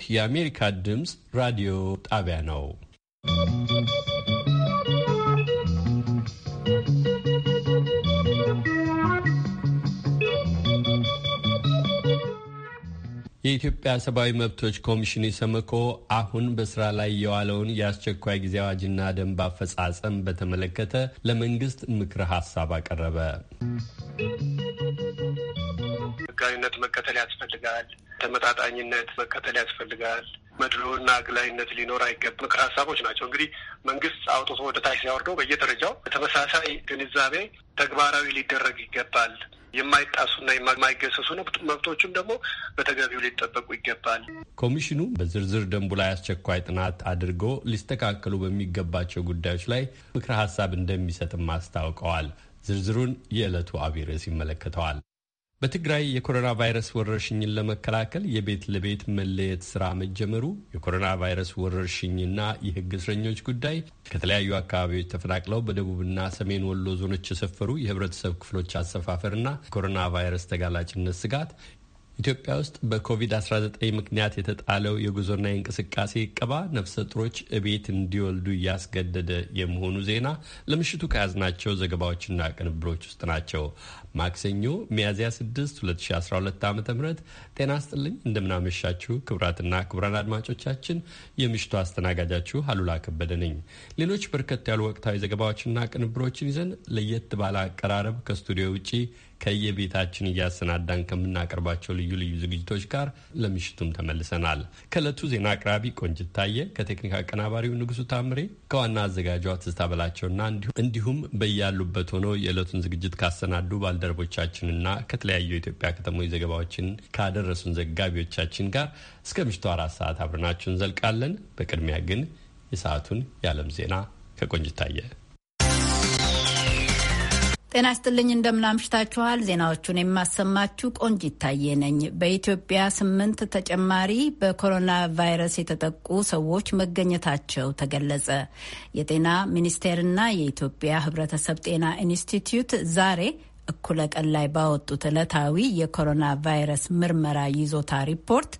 ይህ የአሜሪካ ድምፅ ራዲዮ ጣቢያ ነው። የኢትዮጵያ ሰብአዊ መብቶች ኮሚሽን ኢሰመኮ አሁን በስራ ላይ የዋለውን የአስቸኳይ ጊዜ አዋጅና ደንብ አፈጻጸም በተመለከተ ለመንግስት ምክረ ሀሳብ አቀረበ። ህጋዊነት መከተል ያስፈልጋል ተመጣጣኝነት መከተል ያስፈልጋል። መድሎና አግላይነት ሊኖር አይገባም። ምክር ሀሳቦች ናቸው እንግዲህ መንግስት አውጥቶ ወደ ታች ሲያወርደው በየደረጃው በተመሳሳይ ግንዛቤ ተግባራዊ ሊደረግ ይገባል። የማይጣሱና የማይገሰሱ መብቶችም ደግሞ በተገቢው ሊጠበቁ ይገባል። ኮሚሽኑ በዝርዝር ደንቡ ላይ አስቸኳይ ጥናት አድርጎ ሊስተካከሉ በሚገባቸው ጉዳዮች ላይ ምክረ ሀሳብ እንደሚሰጥም አስታውቀዋል። ዝርዝሩን የዕለቱ አብይ ርዕስ ይመለከተዋል። በትግራይ የኮሮና ቫይረስ ወረርሽኝን ለመከላከል የቤት ለቤት መለየት ስራ መጀመሩ የኮሮና ቫይረስ ወረርሽኝና የህግ እስረኞች ጉዳይ ከተለያዩ አካባቢዎች ተፈናቅለው በደቡብና ሰሜን ወሎ ዞኖች የሰፈሩ የህብረተሰብ ክፍሎች አሰፋፈርና የኮሮና ቫይረስ ተጋላጭነት ስጋት ኢትዮጵያ ውስጥ በኮቪድ-19 ምክንያት የተጣለው የጉዞና የእንቅስቃሴ እቀባ ነፍሰ ጥሮች እቤት እንዲወልዱ እያስገደደ የመሆኑ ዜና ለምሽቱ ከያዝናቸው ዘገባዎችና ቅንብሮች ውስጥ ናቸው። ማክሰኞ ሚያዝያ 6 2012 ዓ ም ጤና ስጥልኝ። እንደምናመሻችሁ ክቡራትና ክቡራን አድማጮቻችን የምሽቱ አስተናጋጃችሁ አሉላ ከበደ ነኝ። ሌሎች በርከት ያሉ ወቅታዊ ዘገባዎችና ቅንብሮችን ይዘን ለየት ባለ አቀራረብ ከስቱዲዮ ውጪ ከየቤታችን እያሰናዳን ከምናቀርባቸው ልዩ ልዩ ዝግጅቶች ጋር ለምሽቱም ተመልሰናል። ከእለቱ ዜና አቅራቢ ቆንጅት ታየ፣ ከቴክኒክ አቀናባሪው ንጉሱ ታምሬ፣ ከዋና አዘጋጇ ትዝታ በላቸውና እንዲሁም በያሉበት ሆነው የዕለቱን ዝግጅት ካሰናዱ ባል ባልደረቦቻችንና ከተለያዩ የኢትዮጵያ ከተሞች ዘገባዎችን ካደረሱን ዘጋቢዎቻችን ጋር እስከ ምሽቱ አራት ሰዓት አብረናችሁ እንዘልቃለን። በቅድሚያ ግን የሰዓቱን የዓለም ዜና ከቆንጅታየ ጤና ይስጥልኝ። እንደምናምሽታችኋል። ዜናዎቹን የማሰማችሁ ቆንጅ ይታየ ነኝ። በኢትዮጵያ ስምንት ተጨማሪ በኮሮና ቫይረስ የተጠቁ ሰዎች መገኘታቸው ተገለጸ። የጤና ሚኒስቴርና የኢትዮጵያ ሕብረተሰብ ጤና ኢንስቲትዩት ዛሬ እኩለ ቀን ላይ ባወጡት ዕለታዊ የኮሮና ቫይረስ ምርመራ ይዞታ ሪፖርት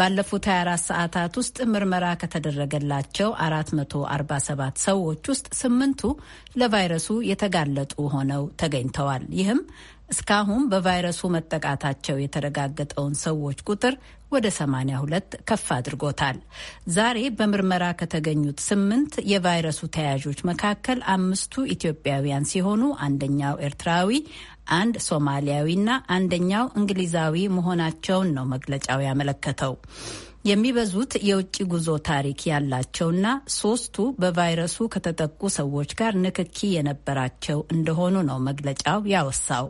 ባለፉት 24 ሰዓታት ውስጥ ምርመራ ከተደረገላቸው 447 ሰዎች ውስጥ ስምንቱ ለቫይረሱ የተጋለጡ ሆነው ተገኝተዋል። ይህም እስካሁን በቫይረሱ መጠቃታቸው የተረጋገጠውን ሰዎች ቁጥር ወደ 82 ከፍ አድርጎታል። ዛሬ በምርመራ ከተገኙት ስምንት የቫይረሱ ተያዦች መካከል አምስቱ ኢትዮጵያውያን ሲሆኑ አንደኛው ኤርትራዊ፣ አንድ ሶማሊያዊና አንደኛው እንግሊዛዊ መሆናቸውን ነው መግለጫው ያመለከተው። የሚበዙት የውጭ ጉዞ ታሪክ ያላቸውና ሶስቱ በቫይረሱ ከተጠቁ ሰዎች ጋር ንክኪ የነበራቸው እንደሆኑ ነው መግለጫው ያወሳው።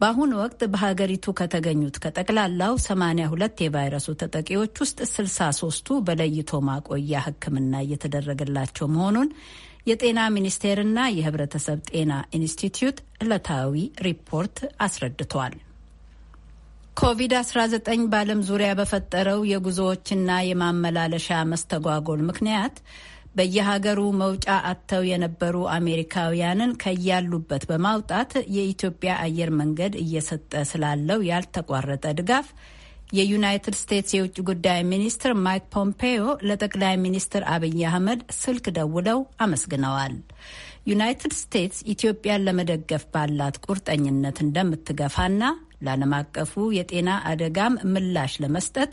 በአሁኑ ወቅት በሀገሪቱ ከተገኙት ከጠቅላላው 82 የቫይረሱ ተጠቂዎች ውስጥ 63ቱ በለይቶ ማቆያ ሕክምና እየተደረገላቸው መሆኑን የጤና ሚኒስቴርና የህብረተሰብ ጤና ኢንስቲትዩት ዕለታዊ ሪፖርት አስረድቷል። ኮቪድ-19 በዓለም ዙሪያ በፈጠረው የጉዞዎችና የማመላለሻ መስተጓጎል ምክንያት በየሀገሩ መውጫ አጥተው የነበሩ አሜሪካውያንን ከያሉበት በማውጣት የኢትዮጵያ አየር መንገድ እየሰጠ ስላለው ያልተቋረጠ ድጋፍ የዩናይትድ ስቴትስ የውጭ ጉዳይ ሚኒስትር ማይክ ፖምፔዮ ለጠቅላይ ሚኒስትር አብይ አህመድ ስልክ ደውለው አመስግነዋል። ዩናይትድ ስቴትስ ኢትዮጵያን ለመደገፍ ባላት ቁርጠኝነት እንደምትገፋና ለዓለም አቀፉ የጤና አደጋም ምላሽ ለመስጠት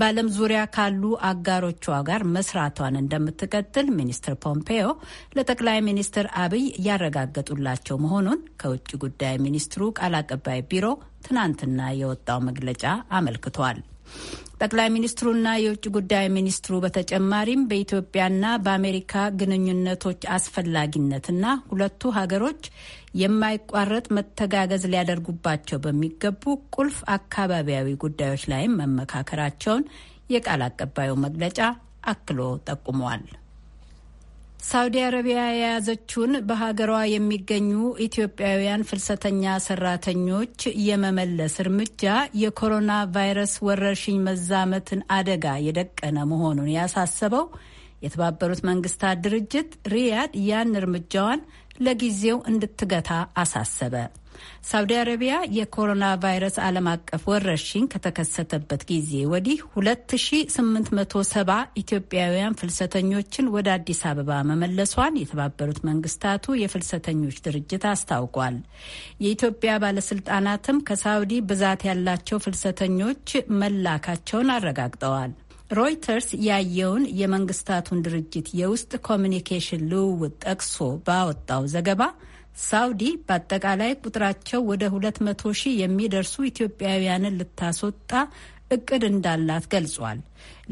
በዓለም ዙሪያ ካሉ አጋሮቿ ጋር መስራቷን እንደምትቀጥል ሚኒስትር ፖምፔዮ ለጠቅላይ ሚኒስትር አብይ ያረጋገጡላቸው መሆኑን ከውጭ ጉዳይ ሚኒስትሩ ቃል አቀባይ ቢሮ ትናንትና የወጣው መግለጫ አመልክቷል። ጠቅላይ ሚኒስትሩና የውጭ ጉዳይ ሚኒስትሩ በተጨማሪም በኢትዮጵያና በአሜሪካ ግንኙነቶች አስፈላጊነትና ሁለቱ ሀገሮች የማይቋረጥ መተጋገዝ ሊያደርጉባቸው በሚገቡ ቁልፍ አካባቢያዊ ጉዳዮች ላይም መመካከራቸውን የቃል አቀባዩ መግለጫ አክሎ ጠቁመዋል። ሳውዲ አረቢያ የያዘችውን በሀገሯ የሚገኙ ኢትዮጵያውያን ፍልሰተኛ ሰራተኞች የመመለስ እርምጃ የኮሮና ቫይረስ ወረርሽኝ መዛመትን አደጋ የደቀነ መሆኑን ያሳሰበው የተባበሩት መንግስታት ድርጅት ሪያድ ያን እርምጃዋን ለጊዜው እንድትገታ አሳሰበ። ሳውዲ አረቢያ የኮሮና ቫይረስ ዓለም አቀፍ ወረርሽኝ ከተከሰተበት ጊዜ ወዲህ 2870 ኢትዮጵያውያን ፍልሰተኞችን ወደ አዲስ አበባ መመለሷን የተባበሩት መንግስታቱ የፍልሰተኞች ድርጅት አስታውቋል። የኢትዮጵያ ባለስልጣናትም ከሳውዲ ብዛት ያላቸው ፍልሰተኞች መላካቸውን አረጋግጠዋል። ሮይተርስ ያየውን የመንግስታቱን ድርጅት የውስጥ ኮሚኒኬሽን ልውውጥ ጠቅሶ ባወጣው ዘገባ ሳውዲ በአጠቃላይ ቁጥራቸው ወደ ሁለት መቶ ሺህ የሚደርሱ ኢትዮጵያውያንን ልታስወጣ እቅድ እንዳላት ገልጿል።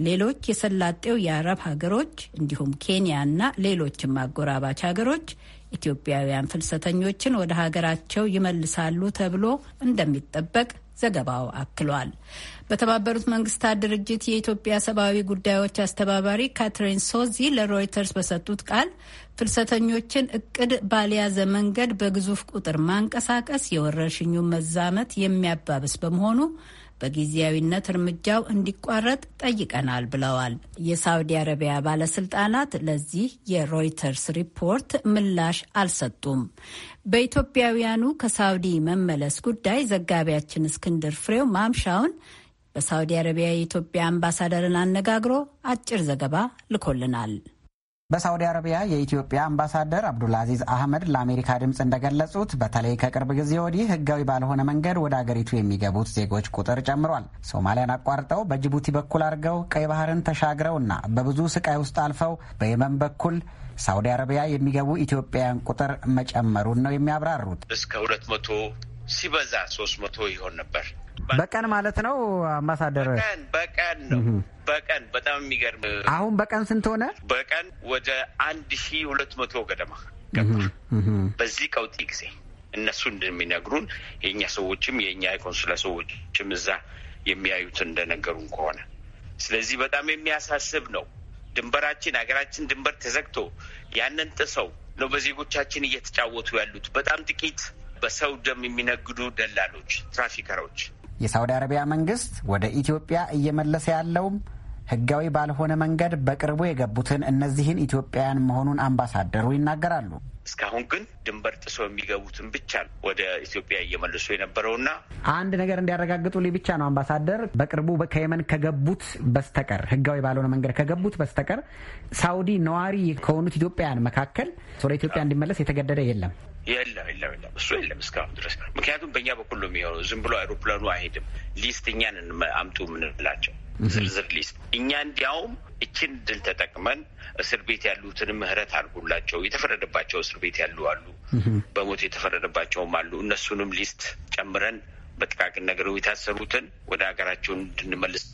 ሌሎች የሰላጤው የአረብ ሀገሮች እንዲሁም ኬንያ ና ሌሎችም አጎራባች ሀገሮች ኢትዮጵያውያን ፍልሰተኞችን ወደ ሀገራቸው ይመልሳሉ ተብሎ እንደሚጠበቅ ዘገባው አክሏል። በተባበሩት መንግስታት ድርጅት የኢትዮጵያ ሰብአዊ ጉዳዮች አስተባባሪ ካትሪን ሶዚ ለሮይተርስ በሰጡት ቃል ፍልሰተኞችን እቅድ ባልያዘ መንገድ በግዙፍ ቁጥር ማንቀሳቀስ የወረርሽኙ መዛመት የሚያባብስ በመሆኑ በጊዜያዊነት እርምጃው እንዲቋረጥ ጠይቀናል ብለዋል። የሳውዲ አረቢያ ባለስልጣናት ለዚህ የሮይተርስ ሪፖርት ምላሽ አልሰጡም። በኢትዮጵያውያኑ ከሳውዲ መመለስ ጉዳይ ዘጋቢያችን እስክንድር ፍሬው ማምሻውን በሳውዲ አረቢያ የኢትዮጵያ አምባሳደርን አነጋግሮ አጭር ዘገባ ልኮልናል። በሳውዲ አረቢያ የኢትዮጵያ አምባሳደር አብዱልአዚዝ አህመድ ለአሜሪካ ድምፅ እንደገለጹት በተለይ ከቅርብ ጊዜ ወዲህ ህጋዊ ባልሆነ መንገድ ወደ አገሪቱ የሚገቡት ዜጎች ቁጥር ጨምሯል። ሶማሊያን አቋርጠው በጅቡቲ በኩል አድርገው ቀይ ባህርን ተሻግረውና በብዙ ስቃይ ውስጥ አልፈው በየመን በኩል ሳውዲ አረቢያ የሚገቡ ኢትዮጵያውያን ቁጥር መጨመሩን ነው የሚያብራሩት። እስከ ሁለት መቶ ሲበዛ ሶስት መቶ ይሆን ነበር በቀን ማለት ነው አምባሳደር? በቀን በቀን ነው በቀን በጣም የሚገርም አሁን በቀን ስንት ሆነ? በቀን ወደ አንድ ሺ ሁለት መቶ ገደማ ገባ በዚህ ቀውጢ ጊዜ እነሱ እንደሚነግሩን የእኛ ሰዎችም የእኛ የኮንስላ ሰዎችም እዛ የሚያዩት እንደነገሩን ከሆነ ስለዚህ በጣም የሚያሳስብ ነው። ድንበራችን ሀገራችን ድንበር ተዘግቶ ያንን ጥሰው ነው በዜጎቻችን እየተጫወቱ ያሉት። በጣም ጥቂት በሰው ደም የሚነግዱ ደላሎች፣ ትራፊከሮች የሳውዲ አረቢያ መንግስት ወደ ኢትዮጵያ እየመለሰ ያለውም ህጋዊ ባልሆነ መንገድ በቅርቡ የገቡትን እነዚህን ኢትዮጵያውያን መሆኑን አምባሳደሩ ይናገራሉ። እስካሁን ግን ድንበር ጥሶ የሚገቡትን ብቻ ነው ወደ ኢትዮጵያ እየመልሱ የነበረውና አንድ ነገር እንዲያረጋግጡልኝ ብቻ ነው አምባሳደር፣ በቅርቡ ከየመን ከገቡት በስተቀር ህጋዊ ባልሆነ መንገድ ከገቡት በስተቀር ሳውዲ ነዋሪ ከሆኑት ኢትዮጵያውያን መካከል ወደ ኢትዮጵያ እንዲመለስ የተገደደ የለም። የለም የለም የለም፣ እሱ የለም እስካሁን ድረስ። ምክንያቱም በእኛ በኩል ነው የሚሆነው። ዝም ብሎ አይሮፕላኑ አይሄድም። ሊስት እኛን አምጡ የምንላቸው ዝርዝር ሊስት እኛ እንዲያውም እችን ድል ተጠቅመን እስር ቤት ያሉትን ምህረት አድርጉላቸው። የተፈረደባቸው እስር ቤት ያሉ አሉ፣ በሞት የተፈረደባቸውም አሉ። እነሱንም ሊስት ጨምረን በጥቃቅን ነገሩ የታሰሩትን ወደ ሀገራቸውን እንድንመልስ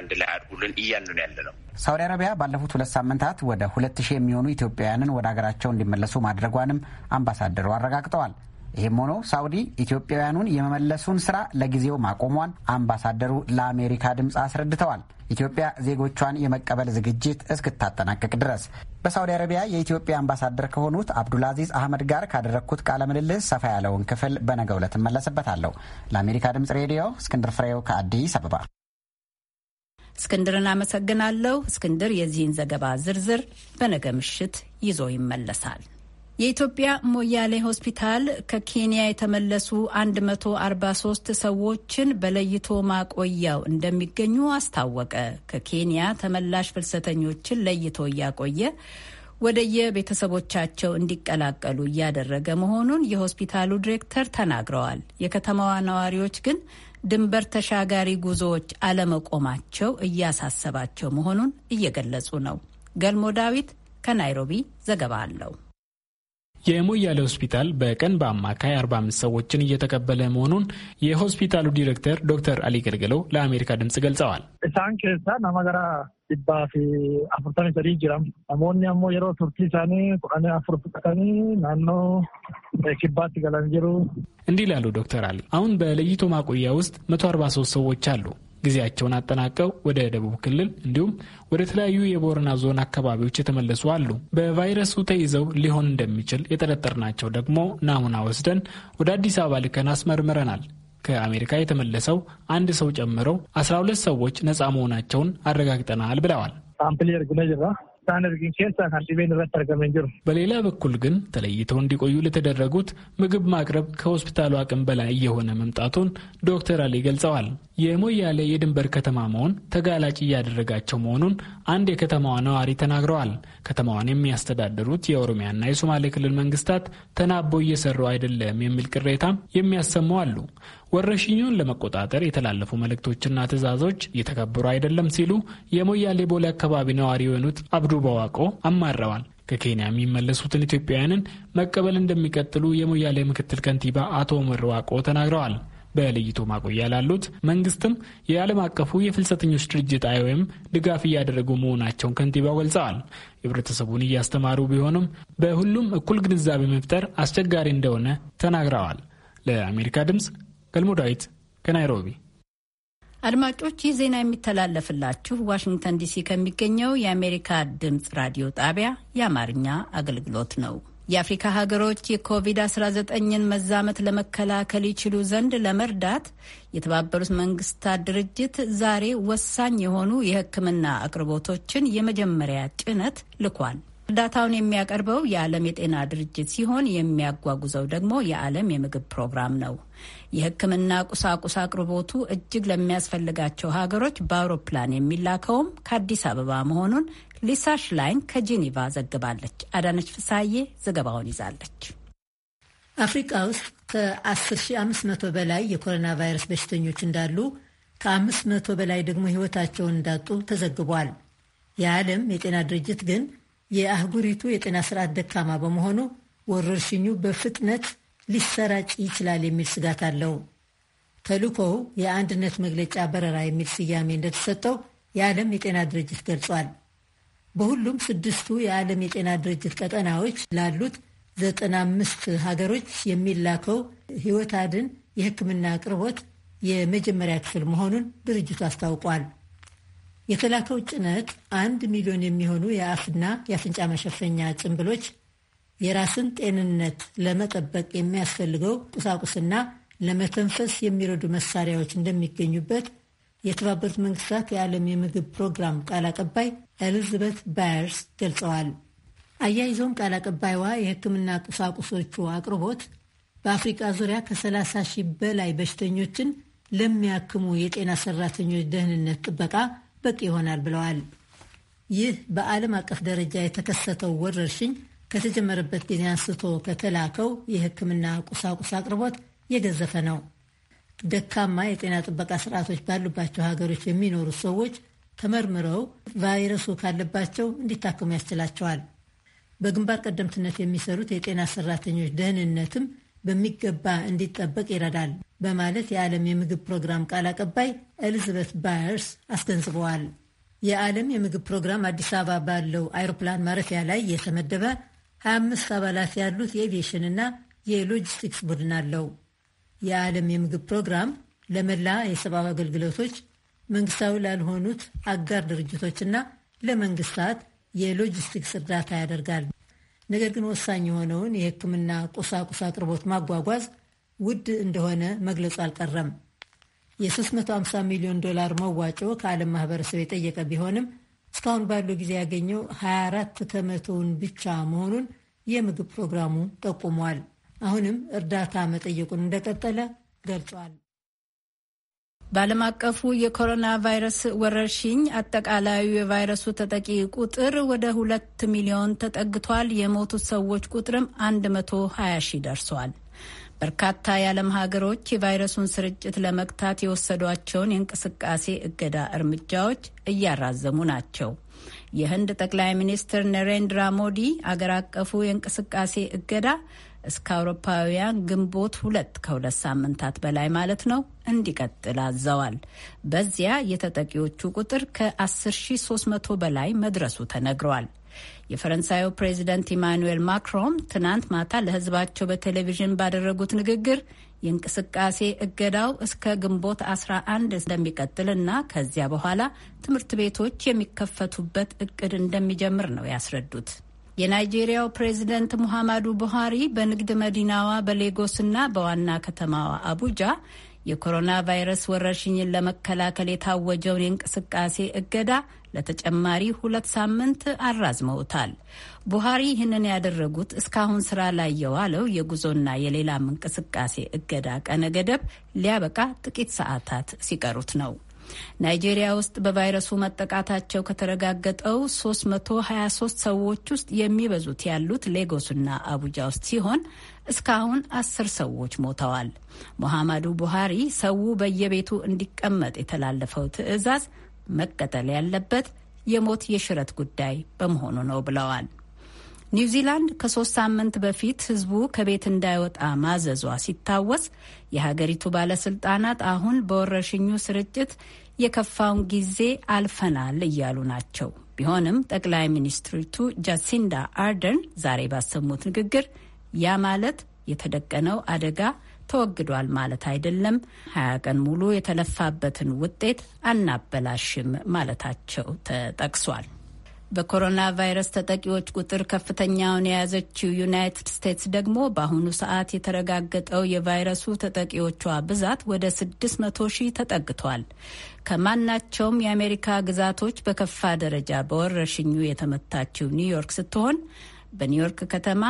አንድ ላይ አድርጉልን እያልን ነው ያለ ነው። ሳውዲ አረቢያ ባለፉት ሁለት ሳምንታት ወደ ሁለት ሺህ የሚሆኑ ኢትዮጵያውያንን ወደ አገራቸው እንዲመለሱ ማድረጓንም አምባሳደሩ አረጋግጠዋል። ይህም ሆኖ ሳውዲ ኢትዮጵያውያኑን የመመለሱን ስራ ለጊዜው ማቆሟን አምባሳደሩ ለአሜሪካ ድምፅ አስረድተዋል። ኢትዮጵያ ዜጎቿን የመቀበል ዝግጅት እስክታጠናቀቅ ድረስ በሳውዲ አረቢያ የኢትዮጵያ አምባሳደር ከሆኑት አብዱልአዚዝ አህመድ ጋር ካደረግኩት ቃለ ምልልስ ሰፋ ያለውን ክፍል በነገው ዕለት እመለስበታለሁ። ለአሜሪካ ድምፅ ሬዲዮ እስክንድር ፍሬው ከአዲስ አበባ እስክንድርን አመሰግናለሁ። እስክንድር የዚህን ዘገባ ዝርዝር በነገ ምሽት ይዞ ይመለሳል። የኢትዮጵያ ሞያሌ ሆስፒታል ከኬንያ የተመለሱ 143 ሰዎችን በለይቶ ማቆያው እንደሚገኙ አስታወቀ። ከኬንያ ተመላሽ ፍልሰተኞችን ለይቶ እያቆየ የቤተሰቦቻቸው እንዲቀላቀሉ እያደረገ መሆኑን የሆስፒታሉ ዲሬክተር ተናግረዋል። የከተማዋ ነዋሪዎች ግን ድንበር ተሻጋሪ ጉዞዎች አለመቆማቸው እያሳሰባቸው መሆኑን እየገለጹ ነው። ገልሞ ዳዊት ከናይሮቢ ዘገባ አለው። የሞያሌ ሆስፒታል በቀን በአማካይ 45 ሰዎችን እየተቀበለ መሆኑን የሆስፒታሉ ዲሬክተር ዶክተር አሊ ገልገለው ለአሜሪካ ድምጽ ገልጸዋል። ናማገራ ሰዲ ጅራም አሞ የሮ ቱርቲ ሳኒ አፍር ናኖ ኪባት እንዲህ ላሉ ዶክተር አሊ አሁን በለይቶ ማቆያ ውስጥ 143 ሰዎች አሉ። ጊዜያቸውን አጠናቀው ወደ ደቡብ ክልል እንዲሁም ወደ ተለያዩ የቦረና ዞን አካባቢዎች የተመለሱ አሉ። በቫይረሱ ተይዘው ሊሆን እንደሚችል የጠረጠርናቸው ደግሞ ናሙና ወስደን ወደ አዲስ አበባ ልከን አስመርምረናል። ከአሜሪካ የተመለሰው አንድ ሰው ጨምረው ሁለት ሰዎች ነፃ መሆናቸውን አረጋግጠናል ብለዋል። በሌላ በኩል ግን ተለይተው እንዲቆዩ ለተደረጉት ምግብ ማቅረብ ከሆስፒታሉ አቅም በላይ እየሆነ መምጣቱን ዶክተር አሊ ገልጸዋል። የሞያሌ የድንበር ከተማ መሆን ተጋላጭ እያደረጋቸው መሆኑን አንድ የከተማዋ ነዋሪ ተናግረዋል። ከተማዋን የሚያስተዳድሩት የኦሮሚያና የሶማሌ ክልል መንግስታት ተናቦ እየሰሩ አይደለም የሚል ቅሬታም የሚያሰሙ አሉ። ወረሽኙን ለመቆጣጠር የተላለፉ መልእክቶችና ትዕዛዞች እየተከበሩ አይደለም ሲሉ የሞያሌ ቦሌ አካባቢ ነዋሪ የሆኑት አብዱ በዋቆ አማረዋል። ከኬንያ የሚመለሱትን ኢትዮጵያውያንን መቀበል እንደሚቀጥሉ የሞያሌ ምክትል ከንቲባ አቶ ኡመር ዋቆ ተናግረዋል። በለይቶ ማቆያ ላሉት መንግስትም የዓለም አቀፉ የፍልሰተኞች ድርጅት አይኦኤም ድጋፍ እያደረጉ መሆናቸውን ከንቲባው ገልጸዋል። ህብረተሰቡን እያስተማሩ ቢሆንም በሁሉም እኩል ግንዛቤ መፍጠር አስቸጋሪ እንደሆነ ተናግረዋል። ለአሜሪካ ድምፅ ገልሞ ዳዊት ከናይሮቢ አድማጮች ይህ ዜና የሚተላለፍላችሁ ዋሽንግተን ዲሲ ከሚገኘው የአሜሪካ ድምፅ ራዲዮ ጣቢያ የአማርኛ አገልግሎት ነው። የአፍሪካ ሀገሮች የኮቪድ-19ን መዛመት ለመከላከል ይችሉ ዘንድ ለመርዳት የተባበሩት መንግስታት ድርጅት ዛሬ ወሳኝ የሆኑ የሕክምና አቅርቦቶችን የመጀመሪያ ጭነት ልኳል። እርዳታውን የሚያቀርበው የዓለም የጤና ድርጅት ሲሆን የሚያጓጉዘው ደግሞ የዓለም የምግብ ፕሮግራም ነው። የሕክምና ቁሳቁስ አቅርቦቱ እጅግ ለሚያስፈልጋቸው ሀገሮች በአውሮፕላን የሚላከውም ከአዲስ አበባ መሆኑን ሊሳ ሽላይን ከጄኔቫ ዘግባለች። አዳነች ፍሳዬ ዘገባውን ይዛለች። አፍሪካ ውስጥ ከ10500 በላይ የኮሮና ቫይረስ በሽተኞች እንዳሉ ከ500 በላይ ደግሞ ሕይወታቸውን እንዳጡ ተዘግቧል። የዓለም የጤና ድርጅት ግን የአህጉሪቱ የጤና ስርዓት ደካማ በመሆኑ ወረርሽኙ በፍጥነት ሊሰራጭ ይችላል የሚል ስጋት አለው። ተልእኮው የአንድነት መግለጫ በረራ የሚል ስያሜ እንደተሰጠው የዓለም የጤና ድርጅት ገልጿል። በሁሉም ስድስቱ የዓለም የጤና ድርጅት ቀጠናዎች ላሉት ዘጠና አምስት ሀገሮች የሚላከው ሕይወት አድን የሕክምና አቅርቦት የመጀመሪያ ክፍል መሆኑን ድርጅቱ አስታውቋል። የተላከው ጭነት አንድ ሚሊዮን የሚሆኑ የአፍና የአፍንጫ መሸፈኛ ጭንብሎች፣ የራስን ጤንነት ለመጠበቅ የሚያስፈልገው ቁሳቁስና ለመተንፈስ የሚረዱ መሳሪያዎች እንደሚገኙበት የተባበሩት መንግስታት የዓለም የምግብ ፕሮግራም ቃል አቀባይ ኤልዝበት ባየርስ ገልጸዋል። አያይዞም ቃል አቀባይዋ የሕክምና ቁሳቁሶቹ አቅርቦት በአፍሪቃ ዙሪያ ከ30 ሺህ በላይ በሽተኞችን ለሚያክሙ የጤና ሰራተኞች ደህንነት ጥበቃ በቂ ይሆናል ብለዋል። ይህ በዓለም አቀፍ ደረጃ የተከሰተው ወረርሽኝ ከተጀመረበት ጊዜ አንስቶ ከተላከው የሕክምና ቁሳቁስ አቅርቦት የገዘፈ ነው። ደካማ የጤና ጥበቃ ስርዓቶች ባሉባቸው ሀገሮች የሚኖሩ ሰዎች ተመርምረው ቫይረሱ ካለባቸው እንዲታከሙ ያስችላቸዋል። በግንባር ቀደምትነት የሚሰሩት የጤና ሰራተኞች ደህንነትም በሚገባ እንዲጠበቅ ይረዳል በማለት የዓለም የምግብ ፕሮግራም ቃል አቀባይ ኤሊዝቤት ባየርስ አስገንዝበዋል። የዓለም የምግብ ፕሮግራም አዲስ አበባ ባለው አይሮፕላን ማረፊያ ላይ የተመደበ 25 አባላት ያሉት የኤቪየሽን እና የሎጂስቲክስ ቡድን አለው። የዓለም የምግብ ፕሮግራም ለመላ የሰብአዊ አገልግሎቶች፣ መንግስታዊ ላልሆኑት አጋር ድርጅቶችና ለመንግስታት የሎጂስቲክስ እርዳታ ያደርጋል። ነገር ግን ወሳኝ የሆነውን የሕክምና ቁሳቁስ አቅርቦት ማጓጓዝ ውድ እንደሆነ መግለጹ አልቀረም። የ350 ሚሊዮን ዶላር መዋጮ ከዓለም ማህበረሰብ የጠየቀ ቢሆንም እስካሁን ባለው ጊዜ ያገኘው 24 ከመቶውን ብቻ መሆኑን የምግብ ፕሮግራሙ ጠቁሟል። አሁንም እርዳታ መጠየቁን እንደቀጠለ ገልጿል። በዓለም አቀፉ የኮሮና ቫይረስ ወረርሽኝ አጠቃላዩ የቫይረሱ ተጠቂ ቁጥር ወደ ሁለት ሚሊዮን ተጠግቷል። የሞቱት ሰዎች ቁጥርም ሀያ ሺህ ደርሷል። በርካታ የዓለም ሀገሮች የቫይረሱን ስርጭት ለመግታት የወሰዷቸውን የእንቅስቃሴ እገዳ እርምጃዎች እያራዘሙ ናቸው። የህንድ ጠቅላይ ሚኒስትር ነሬንድራ ሞዲ አገር አቀፉ የእንቅስቃሴ እገዳ እስከ አውሮፓውያን ግንቦት ሁለት ከሁለት ሳምንታት በላይ ማለት ነው እንዲቀጥል አዘዋል። በዚያ የተጠቂዎቹ ቁጥር ከ10300 በላይ መድረሱ ተነግሯል። የፈረንሳዩ ፕሬዚደንት ኢማኑኤል ማክሮን ትናንት ማታ ለሕዝባቸው በቴሌቪዥን ባደረጉት ንግግር የእንቅስቃሴ እገዳው እስከ ግንቦት 11 እንደሚቀጥልና ከዚያ በኋላ ትምህርት ቤቶች የሚከፈቱበት እቅድ እንደሚጀምር ነው ያስረዱት። የናይጄሪያው ፕሬዚደንት ሙሐማዱ ቡሃሪ በንግድ መዲናዋ በሌጎስና በዋና ከተማዋ አቡጃ የኮሮና ቫይረስ ወረርሽኝን ለመከላከል የታወጀውን የእንቅስቃሴ እገዳ ለተጨማሪ ሁለት ሳምንት አራዝመውታል። ቡሃሪ ይህንን ያደረጉት እስካሁን ስራ ላይ የዋለው የጉዞና የሌላም እንቅስቃሴ እገዳ ቀነ ገደብ ሊያበቃ ጥቂት ሰዓታት ሲቀሩት ነው። ናይጄሪያ ውስጥ በቫይረሱ መጠቃታቸው ከተረጋገጠው 323 ሰዎች ውስጥ የሚበዙት ያሉት ሌጎስና አቡጃ ውስጥ ሲሆን እስካሁን አስር ሰዎች ሞተዋል። ሞሐመዱ ቡሃሪ ሰው በየቤቱ እንዲቀመጥ የተላለፈው ትዕዛዝ መቀጠል ያለበት የሞት የሽረት ጉዳይ በመሆኑ ነው ብለዋል። ኒውዚላንድ ከሶስት ሳምንት በፊት ህዝቡ ከቤት እንዳይወጣ ማዘዟ ሲታወስ የሀገሪቱ ባለስልጣናት አሁን በወረርሽኙ ስርጭት የከፋውን ጊዜ አልፈናል እያሉ ናቸው። ቢሆንም ጠቅላይ ሚኒስትሪቱ ጃሲንዳ አርደን ዛሬ ባሰሙት ንግግር ያ ማለት የተደቀነው አደጋ ተወግዷል ማለት አይደለም፣ ሀያ ቀን ሙሉ የተለፋበትን ውጤት አናበላሽም ማለታቸው ተጠቅሷል። በኮሮና ቫይረስ ተጠቂዎች ቁጥር ከፍተኛውን የያዘችው ዩናይትድ ስቴትስ ደግሞ በአሁኑ ሰዓት የተረጋገጠው የቫይረሱ ተጠቂዎቿ ብዛት ወደ 600 ሺህ ተጠግቷል። ከማናቸውም የአሜሪካ ግዛቶች በከፋ ደረጃ በወረርሽኙ የተመታችው ኒውዮርክ ስትሆን በኒውዮርክ ከተማ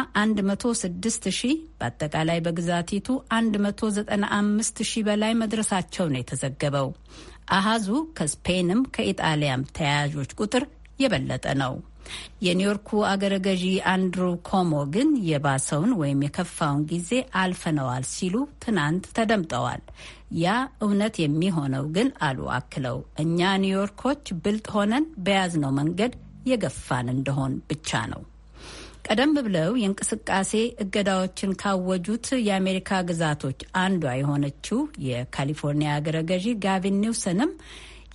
106 ሺህ በአጠቃላይ በግዛቲቱ 195 ሺህ በላይ መድረሳቸው ነው የተዘገበው። አሃዙ ከስፔንም ከኢጣሊያም ተያያዦች ቁጥር የበለጠ ነው። የኒውዮርኩ አገረ ገዢ አንድሩ ኮሞ ግን የባሰውን ወይም የከፋውን ጊዜ አልፈነዋል ሲሉ ትናንት ተደምጠዋል። ያ እውነት የሚሆነው ግን አሉ አክለው፣ እኛ ኒውዮርኮች ብልጥ ሆነን በያዝነው መንገድ የገፋን እንደሆን ብቻ ነው። ቀደም ብለው የእንቅስቃሴ እገዳዎችን ካወጁት የአሜሪካ ግዛቶች አንዷ የሆነችው የካሊፎርኒያ አገረ ገዢ ጋቪን ኒውሰንም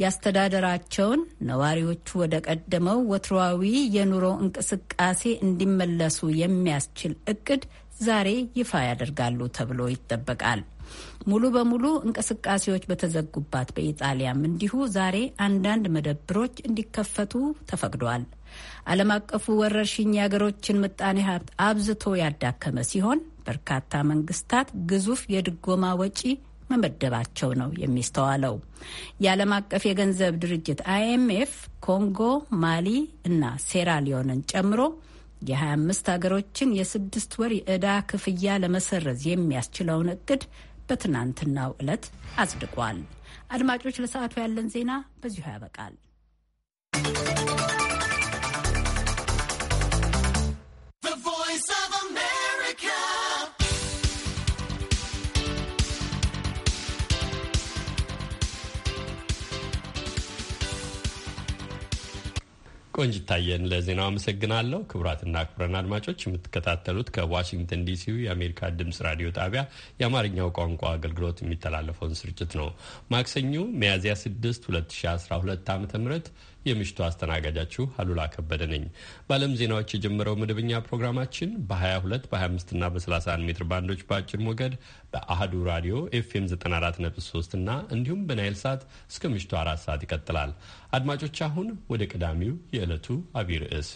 ያስተዳደራቸውን ነዋሪዎቹ ወደ ቀደመው ወትሯዊ የኑሮ እንቅስቃሴ እንዲመለሱ የሚያስችል እቅድ ዛሬ ይፋ ያደርጋሉ ተብሎ ይጠበቃል። ሙሉ በሙሉ እንቅስቃሴዎች በተዘጉባት በኢጣሊያም እንዲሁ ዛሬ አንዳንድ መደብሮች እንዲከፈቱ ተፈቅዷል። ዓለም አቀፉ ወረርሽኝ የሀገሮችን ምጣኔ ሀብት አብዝቶ ያዳከመ ሲሆን በርካታ መንግስታት ግዙፍ የድጎማ ወጪ መመደባቸው ነው የሚስተዋለው። የዓለም አቀፍ የገንዘብ ድርጅት አይኤምኤፍ ኮንጎ፣ ማሊ እና ሴራሊዮንን ጨምሮ የ25 ሀገሮችን የስድስት ወር የዕዳ ክፍያ ለመሰረዝ የሚያስችለውን እቅድ በትናንትናው ዕለት አጽድቋል። አድማጮች፣ ለሰዓቱ ያለን ዜና በዚሁ ያበቃል። ቆንጅታየን ለዜናው አመሰግናለሁ። ክቡራትና ክቡራን አድማጮች የምትከታተሉት ከዋሽንግተን ዲሲው የአሜሪካ ድምጽ ራዲዮ ጣቢያ የአማርኛው ቋንቋ አገልግሎት የሚተላለፈውን ስርጭት ነው። ማክሰኞ ሚያዝያ 6 2012 ዓ ም የምሽቱ አስተናጋጃችሁ አሉላ ከበደ ነኝ። በዓለም ዜናዎች የጀመረው መደበኛ ፕሮግራማችን በ22 በ25 እና በ31 ሜትር ባንዶች በአጭር ሞገድ በአህዱ ራዲዮ ኤፍኤም 943 እና እንዲሁም በናይል ሰዓት እስከ ምሽቱ አራት ሰዓት ይቀጥላል። አድማጮች አሁን ወደ ቀዳሚው የዕለቱ አቢይ ርዕስ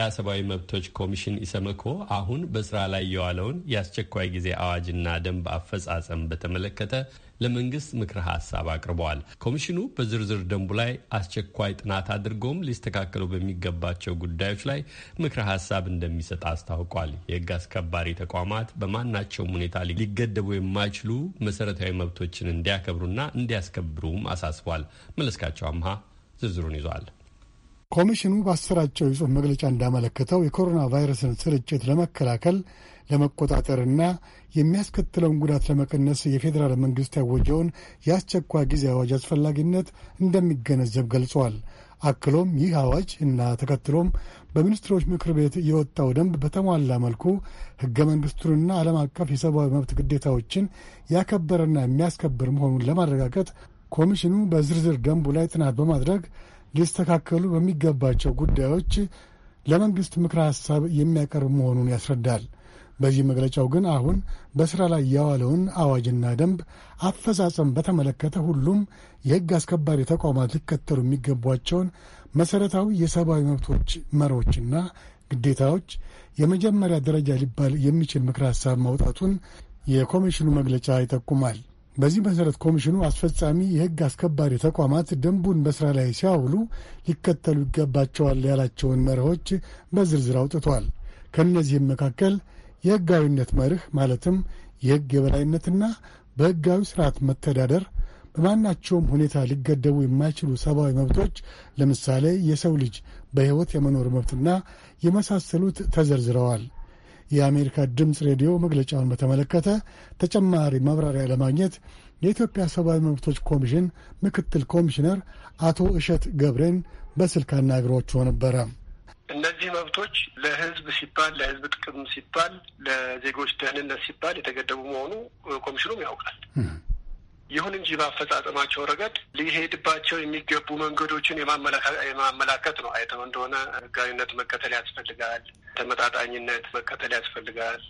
የኢትዮጵያ ሰብአዊ መብቶች ኮሚሽን ኢሰመኮ አሁን በስራ ላይ የዋለውን የአስቸኳይ ጊዜ አዋጅና ደንብ አፈጻጸም በተመለከተ ለመንግስት ምክረ ሀሳብ አቅርበዋል። ኮሚሽኑ በዝርዝር ደንቡ ላይ አስቸኳይ ጥናት አድርጎም ሊስተካከሉ በሚገባቸው ጉዳዮች ላይ ምክረ ሀሳብ እንደሚሰጥ አስታውቋል። የህግ አስከባሪ ተቋማት በማናቸውም ሁኔታ ሊገደቡ የማይችሉ መሰረታዊ መብቶችን እንዲያከብሩና እንዲያስከብሩም አሳስቧል። መለስካቸው አምሃ ዝርዝሩን ይዟል። ኮሚሽኑ ባሰራጨው የጽሑፍ መግለጫ እንዳመለከተው የኮሮና ቫይረስን ስርጭት ለመከላከል ለመቆጣጠርና የሚያስከትለውን ጉዳት ለመቀነስ የፌዴራል መንግስት ያወጀውን የአስቸኳይ ጊዜ አዋጅ አስፈላጊነት እንደሚገነዘብ ገልጿል። አክሎም ይህ አዋጅ እና ተከትሎም በሚኒስትሮች ምክር ቤት የወጣው ደንብ በተሟላ መልኩ ሕገ መንግሥቱንና ዓለም አቀፍ የሰብአዊ መብት ግዴታዎችን ያከበረና የሚያስከብር መሆኑን ለማረጋገጥ ኮሚሽኑ በዝርዝር ደንቡ ላይ ጥናት በማድረግ ሊስተካከሉ በሚገባቸው ጉዳዮች ለመንግስት ምክረ ሀሳብ የሚያቀርብ መሆኑን ያስረዳል። በዚህ መግለጫው ግን አሁን በሥራ ላይ ያዋለውን አዋጅና ደንብ አፈጻጸም በተመለከተ ሁሉም የሕግ አስከባሪ ተቋማት ሊከተሉ የሚገቧቸውን መሠረታዊ የሰብአዊ መብቶች መሪዎችና ግዴታዎች የመጀመሪያ ደረጃ ሊባል የሚችል ምክረ ሀሳብ ማውጣቱን የኮሚሽኑ መግለጫ ይጠቁማል። በዚህ መሰረት ኮሚሽኑ አስፈጻሚ የሕግ አስከባሪ ተቋማት ደንቡን በስራ ላይ ሲያውሉ ሊከተሉ ይገባቸዋል ያላቸውን መርሆች በዝርዝር አውጥቷል። ከእነዚህም መካከል የሕጋዊነት መርህ ማለትም የሕግ የበላይነትና በሕጋዊ ስርዓት መተዳደር፣ በማናቸውም ሁኔታ ሊገደቡ የማይችሉ ሰብአዊ መብቶች ለምሳሌ የሰው ልጅ በሕይወት የመኖር መብትና የመሳሰሉት ተዘርዝረዋል። የአሜሪካ ድምፅ ሬዲዮ መግለጫውን በተመለከተ ተጨማሪ ማብራሪያ ለማግኘት የኢትዮጵያ ሰብአዊ መብቶች ኮሚሽን ምክትል ኮሚሽነር አቶ እሸት ገብሬን በስልክ አናግሯቸው ነበረ። እነዚህ መብቶች ለሕዝብ ሲባል ለሕዝብ ጥቅም ሲባል ለዜጎች ደህንነት ሲባል የተገደቡ መሆኑ ኮሚሽኑም ያውቃል። ይሁን እንጂ በአፈጻጸማቸው ረገድ ሊሄድባቸው የሚገቡ መንገዶችን የማመላከት ነው። አይተው እንደሆነ ህጋዊነት መከተል ያስፈልጋል። ተመጣጣኝነት መከተል ያስፈልጋል።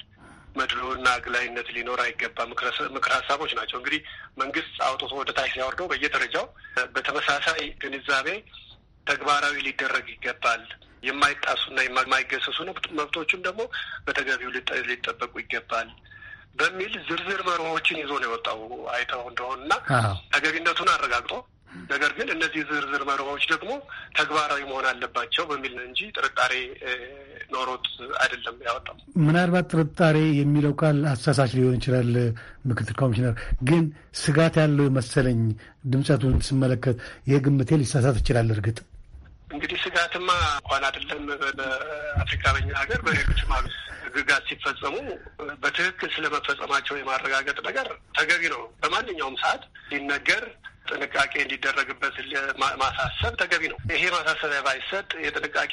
መድሎና አግላይነት ሊኖር አይገባ ምክር ሀሳቦች ናቸው። እንግዲህ መንግስት አውጥቶ ወደ ታች ሲያወርደው በየደረጃው በተመሳሳይ ግንዛቤ ተግባራዊ ሊደረግ ይገባል። የማይጣሱና የማይገሰሱ መብቶችም ደግሞ በተገቢው ሊጠበቁ ይገባል። በሚል ዝርዝር መርሆችን ይዞ ነው የወጣው አይተው እንደሆን እና ተገቢነቱን አረጋግጦ ነገር ግን እነዚህ ዝርዝር መርሆዎች ደግሞ ተግባራዊ መሆን አለባቸው በሚል ነው እንጂ ጥርጣሬ ኖሮት አይደለም ያወጣው። ምናልባት ጥርጣሬ የሚለው ቃል አሳሳች ሊሆን ይችላል። ምክትል ኮሚሽነር ግን ስጋት ያለው መሰለኝ ድምፀቱን ስመለከት የግምቴ ሊሳሳት ይችላል። እርግጥ እንግዲህ ስጋትማ እንኳን አይደለም በአፍሪካ በኛ ሀገር በሌሎችም ህግጋት ሲፈጸሙ በትክክል ስለመፈጸማቸው የማረጋገጥ ነገር ተገቢ ነው። በማንኛውም ሰዓት ሊነገር ጥንቃቄ እንዲደረግበት ማሳሰብ ተገቢ ነው። ይሄ ማሳሰቢያ ባይሰጥ፣ የጥንቃቄ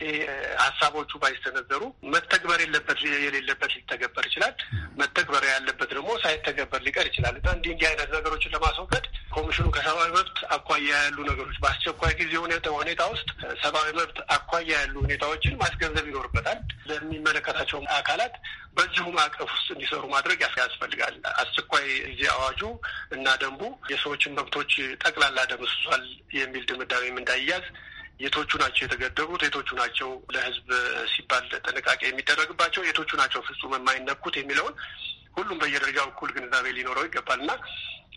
ሀሳቦቹ ባይስተነዘሩ መተግበር የለበት የሌለበት ሊተገበር ይችላል። መተግበር ያለበት ደግሞ ሳይተገበር ሊቀር ይችላል እና እንዲህ እንዲህ አይነት ነገሮችን ለማስወገድ ኮሚሽኑ ከሰብአዊ መብት አኳያ ያሉ ነገሮች በአስቸኳይ ጊዜ ሁኔታ ውስጥ ሰብአዊ መብት አኳያ ያሉ ሁኔታዎችን ማስገንዘብ ይኖርበታል። ለሚመለከታቸው አካላት በዚሁ ማዕቀፍ ውስጥ እንዲሰሩ ማድረግ ያስፈልጋል። አስቸኳይ ጊዜ አዋጁ እና ደንቡ የሰዎችን መብቶች ጠቅላላ ደምስሷል የሚል ድምዳሜም እንዳይያዝ የቶቹ ናቸው የተገደቡት፣ የቶቹ ናቸው ለሕዝብ ሲባል ጥንቃቄ የሚደረግባቸው፣ የቶቹ ናቸው ፍጹም የማይነኩት የሚለውን ሁሉም በየደረጃው እኩል ግንዛቤ ሊኖረው ይገባል እና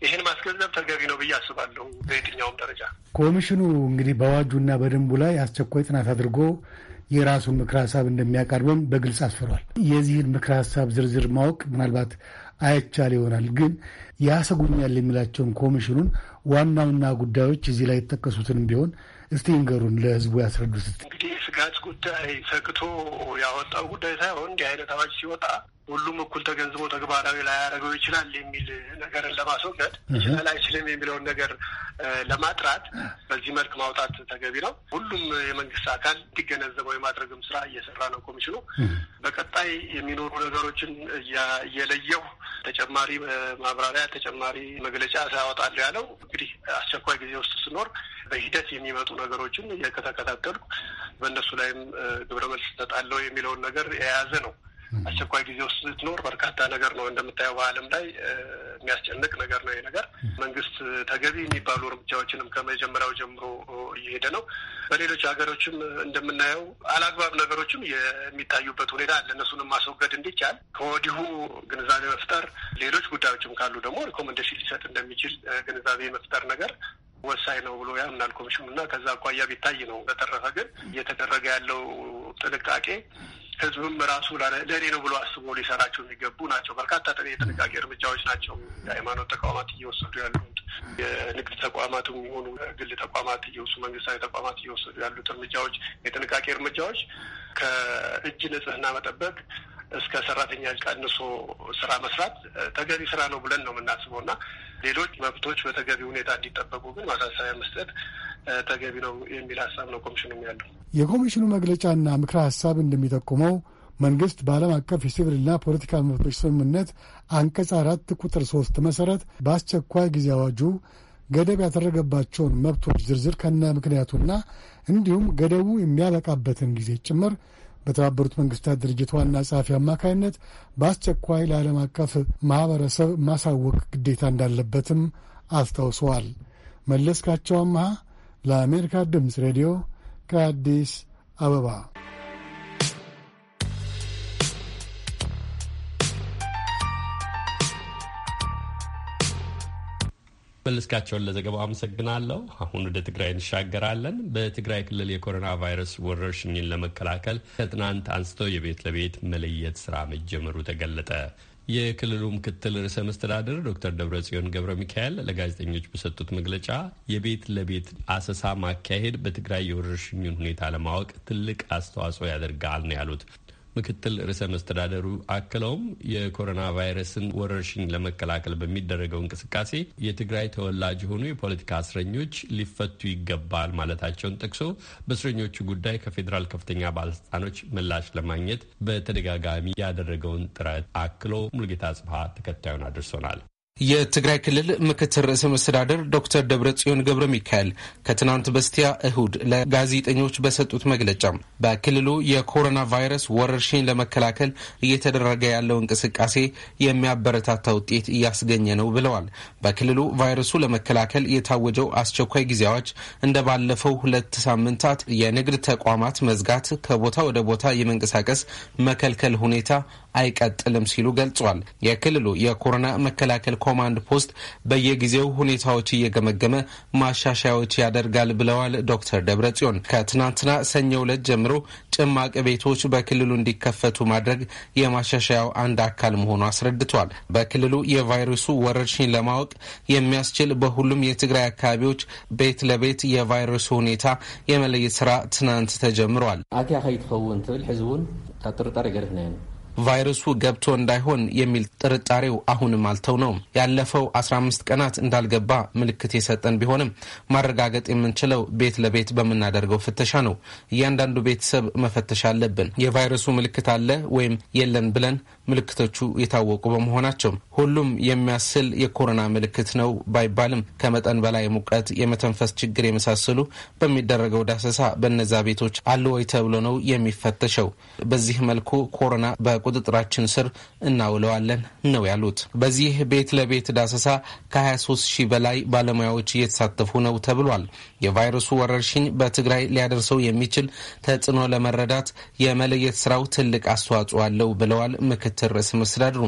ይህን ማስገንዘብ ተገቢ ነው ብዬ አስባለሁ። በየትኛውም ደረጃ ኮሚሽኑ እንግዲህ በአዋጁና በደንቡ ላይ አስቸኳይ ጥናት አድርጎ የራሱን ምክረ ሀሳብ እንደሚያቀርብም በግልጽ አስፍሯል። የዚህን ምክረ ሀሳብ ዝርዝር ማወቅ ምናልባት አይቻል ይሆናል። ግን ያሰጉኛል የሚላቸውን ኮሚሽኑን ዋናውና ጉዳዮች እዚህ ላይ የተጠቀሱትንም ቢሆን እስቲ ንገሩን፣ ለህዝቡ ያስረዱት። እንግዲህ ስጋት ጉዳይ ሰግቶ ያወጣው ጉዳይ ሳይሆን እንዲህ አይነት አዋጅ ሲወጣ ሁሉም እኩል ተገንዝቦ ተግባራዊ ያደረገው ይችላል የሚል ነገርን ለማስወገድ ይችላል አይችልም የሚለውን ነገር ለማጥራት በዚህ መልክ ማውጣት ተገቢ ነው። ሁሉም የመንግስት አካል እንዲገነዘበው የማድረግም ስራ እየሰራ ነው ኮሚሽኑ። በቀጣይ የሚኖሩ ነገሮችን እየለየው ተጨማሪ ማብራሪያ፣ ተጨማሪ መግለጫ ሳያወጣለሁ ያለው እንግዲህ አስቸኳይ ጊዜ ውስጥ ስኖር በሂደት የሚመጡ ነገሮችን እየተከታተልኩ በእነሱ ላይም ግብረ መልስ እሰጣለሁ የሚለውን ነገር የያዘ ነው። አስቸኳይ ጊዜ ውስጥ ስትኖር በርካታ ነገር ነው እንደምታየው በዓለም ላይ የሚያስጨንቅ ነገር ነው ይሄ ነገር። መንግስት ተገቢ የሚባሉ እርምጃዎችንም ከመጀመሪያው ጀምሮ እየሄደ ነው። በሌሎች ሀገሮችም እንደምናየው አላግባብ ነገሮችም የሚታዩበት ሁኔታ አለ። እነሱንም ማስወገድ እንዲቻል ከወዲሁ ግንዛቤ መፍጠር፣ ሌሎች ጉዳዮችም ካሉ ደግሞ ሪኮመንዴሽን ሊሰጥ እንደሚችል ግንዛቤ መፍጠር ነገር ወሳኝ ነው ብሎ ያምናል ኮሚሽኑ እና ከዛ አኳያ ቢታይ ነው። በተረፈ ግን እየተደረገ ያለው ጥንቃቄ ህዝብም ራሱ ለእኔ ነው ብሎ አስቦ ሊሰራቸው የሚገቡ ናቸው። በርካታ የጥንቃቄ እርምጃዎች ናቸው የሃይማኖት ተቋማት እየወሰዱ ያሉት፣ የንግድ ተቋማት የሚሆኑ ግል ተቋማት እየወሱ መንግስታዊ ተቋማት እየወሰዱ ያሉት እርምጃዎች የጥንቃቄ እርምጃዎች ከእጅ ንጽህና መጠበቅ እስከ ሰራተኛ ቀንሶ ስራ መስራት ተገቢ ስራ ነው ብለን ነው የምናስበው እና ሌሎች መብቶች በተገቢ ሁኔታ እንዲጠበቁ ግን ማሳሰቢያ መስጠት ተገቢ ነው የሚል ሀሳብ ነው ኮሚሽኑም ያለው። የኮሚሽኑ መግለጫና ምክረ ሐሳብ እንደሚጠቁመው መንግሥት በዓለም አቀፍ የሲቪልና ፖለቲካ መብቶች ስምምነት አንቀጽ አራት ቁጥር ሦስት መሠረት በአስቸኳይ ጊዜ አዋጁ ገደብ ያደረገባቸውን መብቶች ዝርዝር ከነ ምክንያቱና እንዲሁም ገደቡ የሚያበቃበትን ጊዜ ጭምር በተባበሩት መንግስታት ድርጅት ዋና ጸሐፊ አማካይነት በአስቸኳይ ለዓለም አቀፍ ማኅበረሰብ ማሳወቅ ግዴታ እንዳለበትም አስታውሰዋል። መለስካቸው አመሃ ለአሜሪካ ድምፅ ሬዲዮ ከአዲስ አበባ መለስካቸውን ለዘገባው አመሰግናለሁ። አሁን ወደ ትግራይ እንሻገራለን። በትግራይ ክልል የኮሮና ቫይረስ ወረርሽኝን ለመከላከል ከትናንት አንስቶ የቤት ለቤት መለየት ስራ መጀመሩ ተገለጠ። የክልሉ ምክትል ርዕሰ መስተዳደር ዶክተር ደብረጽዮን ገብረ ሚካኤል ለጋዜጠኞች በሰጡት መግለጫ የቤት ለቤት አሰሳ ማካሄድ በትግራይ የወረርሽኙን ሁኔታ ለማወቅ ትልቅ አስተዋጽኦ ያደርጋል ነው ያሉት። ምክትል ርዕሰ መስተዳደሩ አክለውም የኮሮና ቫይረስን ወረርሽኝ ለመከላከል በሚደረገው እንቅስቃሴ የትግራይ ተወላጅ የሆኑ የፖለቲካ እስረኞች ሊፈቱ ይገባል ማለታቸውን ጠቅሶ በእስረኞቹ ጉዳይ ከፌዴራል ከፍተኛ ባለስልጣኖች ምላሽ ለማግኘት በተደጋጋሚ ያደረገውን ጥረት አክሎ ሙልጌታ ጽብሃ ተከታዩን አድርሶናል። የትግራይ ክልል ምክትል ርዕሰ መስተዳደር ዶክተር ደብረጽዮን ገብረ ሚካኤል ከትናንት በስቲያ እሁድ ለጋዜጠኞች በሰጡት መግለጫ በክልሉ የኮሮና ቫይረስ ወረርሽኝ ለመከላከል እየተደረገ ያለው እንቅስቃሴ የሚያበረታታ ውጤት እያስገኘ ነው ብለዋል። በክልሉ ቫይረሱ ለመከላከል የታወጀው አስቸኳይ ጊዜያዎች እንደ ባለፈው ሁለት ሳምንታት የንግድ ተቋማት መዝጋት፣ ከቦታ ወደ ቦታ የመንቀሳቀስ መከልከል ሁኔታ አይቀጥልም ሲሉ ገልጿል። የክልሉ የኮሮና መከላከል ኮማንድ ፖስት በየጊዜው ሁኔታዎች እየገመገመ ማሻሻያዎች ያደርጋል ብለዋል ዶክተር ደብረ ጽዮን። ከትናንትና ሰኞ ዕለት ጀምሮ ጭማቂ ቤቶች በክልሉ እንዲከፈቱ ማድረግ የማሻሻያው አንድ አካል መሆኑ አስረድቷል። በክልሉ የቫይረሱ ወረርሽኝ ለማወቅ የሚያስችል በሁሉም የትግራይ አካባቢዎች ቤት ለቤት የቫይረሱ ሁኔታ የመለየት ስራ ትናንት ተጀምሯል። አኪያ ከይትኸውን ትብል ህዝቡን ካብ ጥርጣሬ ገለፍና ቫይረሱ ገብቶ እንዳይሆን የሚል ጥርጣሬው አሁንም አልተው ነው። ያለፈው 15 ቀናት እንዳልገባ ምልክት የሰጠን ቢሆንም ማረጋገጥ የምንችለው ቤት ለቤት በምናደርገው ፍተሻ ነው። እያንዳንዱ ቤተሰብ መፈተሽ አለብን። የቫይረሱ ምልክት አለ ወይም የለን ብለን ምልክቶቹ የታወቁ በመሆናቸው ሁሉም የሚያስል የኮሮና ምልክት ነው ባይባልም ከመጠን በላይ ሙቀት፣ የመተንፈስ ችግር የመሳሰሉ በሚደረገው ዳሰሳ በነዛ ቤቶች አሉ ወይ ተብሎ ነው የሚፈተሸው። በዚህ መልኩ ኮሮና በቁ ቁጥጥራችን ስር እናውለዋለን ነው ያሉት። በዚህ ቤት ለቤት ዳሰሳ ከ23 ሺህ በላይ ባለሙያዎች እየተሳተፉ ነው ተብሏል። የቫይረሱ ወረርሽኝ በትግራይ ሊያደርሰው የሚችል ተጽዕኖ ለመረዳት የመለየት ስራው ትልቅ አስተዋጽኦ አለው ብለዋል ምክትል ርዕሰ መስተዳድሩ።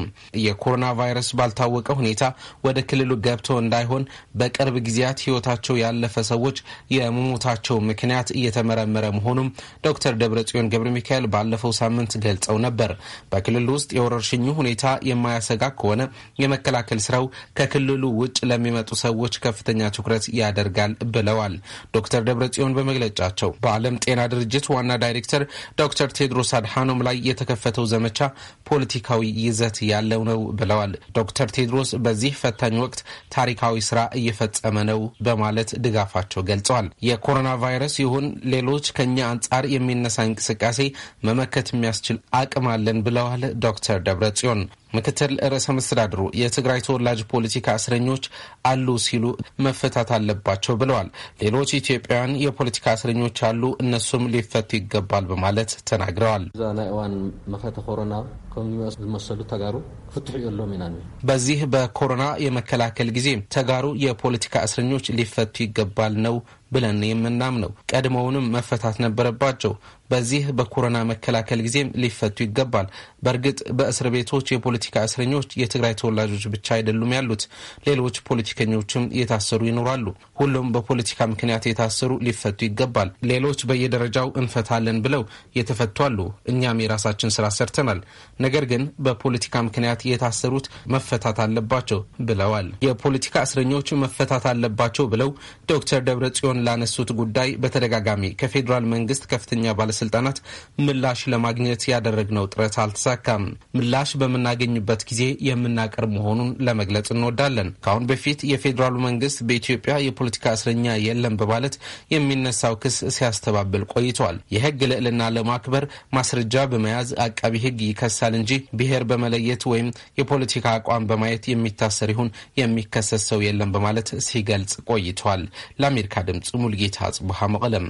የኮሮና ቫይረስ ባልታወቀ ሁኔታ ወደ ክልሉ ገብቶ እንዳይሆን በቅርብ ጊዜያት ህይወታቸው ያለፈ ሰዎች የመሞታቸው ምክንያት እየተመረመረ መሆኑም ዶክተር ደብረጽዮን ገብረ ሚካኤል ባለፈው ሳምንት ገልጸው ነበር። በክልሉ ውስጥ የወረርሽኙ ሁኔታ የማያሰጋ ከሆነ የመከላከል ስራው ከክልሉ ውጭ ለሚመጡ ሰዎች ከፍተኛ ትኩረት ያደርጋል ብለዋል። ዶክተር ደብረጽዮን በመግለጫቸው በዓለም ጤና ድርጅት ዋና ዳይሬክተር ዶክተር ቴድሮስ አድሃኖም ላይ የተከፈተው ዘመቻ ፖለቲካዊ ይዘት ያለው ነው ብለዋል። ዶክተር ቴድሮስ በዚህ ፈታኝ ወቅት ታሪካዊ ስራ እየፈጸመ ነው በማለት ድጋፋቸው ገልጸዋል። የኮሮና ቫይረስ ይሁን ሌሎች ከኛ አንጻር የሚነሳ እንቅስቃሴ መመከት የሚያስችል አቅም አለን ብለዋል ዶክተር ደብረጽዮን ምክትል ርዕሰ መስተዳድሩ የትግራይ ተወላጅ ፖለቲካ እስረኞች አሉ ሲሉ መፈታት አለባቸው ብለዋል። ሌሎች ኢትዮጵያውያን የፖለቲካ እስረኞች አሉ፣ እነሱም ሊፈቱ ይገባል በማለት ተናግረዋል። እዛ ናይ እዋን መፈተ ኮሮና ዝመሰሉ ተጋሩ ክፍትሑ እዩ ኢና በዚህ በኮሮና የመከላከል ጊዜ ተጋሩ የፖለቲካ እስረኞች ሊፈቱ ይገባል ነው ብለን የምናምነው። ቀድሞውንም መፈታት ነበረባቸው። በዚህ በኮሮና መከላከል ጊዜም ሊፈቱ ይገባል። በእርግጥ በእስር ቤቶች የፖለቲካ እስረኞች የትግራይ ተወላጆች ብቻ አይደሉም ያሉት፣ ሌሎች ፖለቲከኞችም የታሰሩ ይኖራሉ። ሁሉም በፖለቲካ ምክንያት የታሰሩ ሊፈቱ ይገባል። ሌሎች በየደረጃው እንፈታለን ብለው የተፈቱ አሉ። እኛም የራሳችን ስራ ሰርተናል። ነገር ግን በፖለቲካ ምክንያት የታሰሩት መፈታት አለባቸው ብለዋል። የፖለቲካ እስረኞች መፈታት አለባቸው ብለው ዶክተር ደብረ ጽዮን ላነሱት ጉዳይ በተደጋጋሚ ከፌዴራል መንግስት ከፍተኛ ባለ ባለስልጣናት ምላሽ ለማግኘት ያደረግነው ጥረት አልተሳካም። ምላሽ በምናገኝበት ጊዜ የምናቀርብ መሆኑን ለመግለጽ እንወዳለን። ከአሁን በፊት የፌዴራሉ መንግስት በኢትዮጵያ የፖለቲካ እስረኛ የለም በማለት የሚነሳው ክስ ሲያስተባብል ቆይቷል። የህግ ልዕልና ለማክበር ማስረጃ በመያዝ አቃቢ ህግ ይከሳል እንጂ ብሔር በመለየት ወይም የፖለቲካ አቋም በማየት የሚታሰር ይሁን የሚከሰስ ሰው የለም በማለት ሲገልጽ ቆይቷል። ለአሜሪካ ድምፅ ሙልጌታ ጽቡሃ መቀለም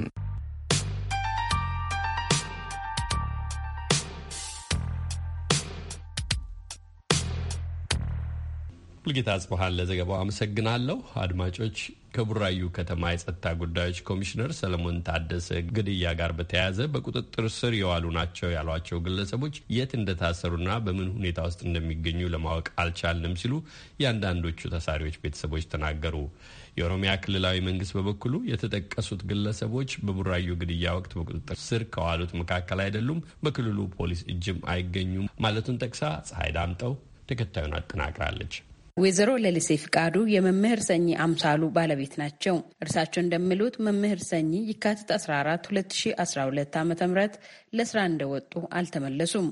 ሙልጌታ አጽበሃን ለዘገባው አመሰግናለሁ። አድማጮች ከቡራዩ ከተማ የጸጥታ ጉዳዮች ኮሚሽነር ሰለሞን ታደሰ ግድያ ጋር በተያያዘ በቁጥጥር ስር የዋሉ ናቸው ያሏቸው ግለሰቦች የት እንደታሰሩና በምን ሁኔታ ውስጥ እንደሚገኙ ለማወቅ አልቻልንም ሲሉ የአንዳንዶቹ ተሳሪዎች ቤተሰቦች ተናገሩ። የኦሮሚያ ክልላዊ መንግስት በበኩሉ የተጠቀሱት ግለሰቦች በቡራዩ ግድያ ወቅት በቁጥጥር ስር ከዋሉት መካከል አይደሉም፣ በክልሉ ፖሊስ እጅም አይገኙም ማለቱን ጠቅሳ ፀሐይ ዳምጠው ተከታዩን አጠናቅራለች። ወይዘሮ ለልሴ ፍቃዱ የመምህር ሰኚ አምሳሉ ባለቤት ናቸው። እርሳቸው እንደሚሉት መምህር ሰኚ የካቲት 14 2012 ዓ ም ለስራ እንደወጡ አልተመለሱም።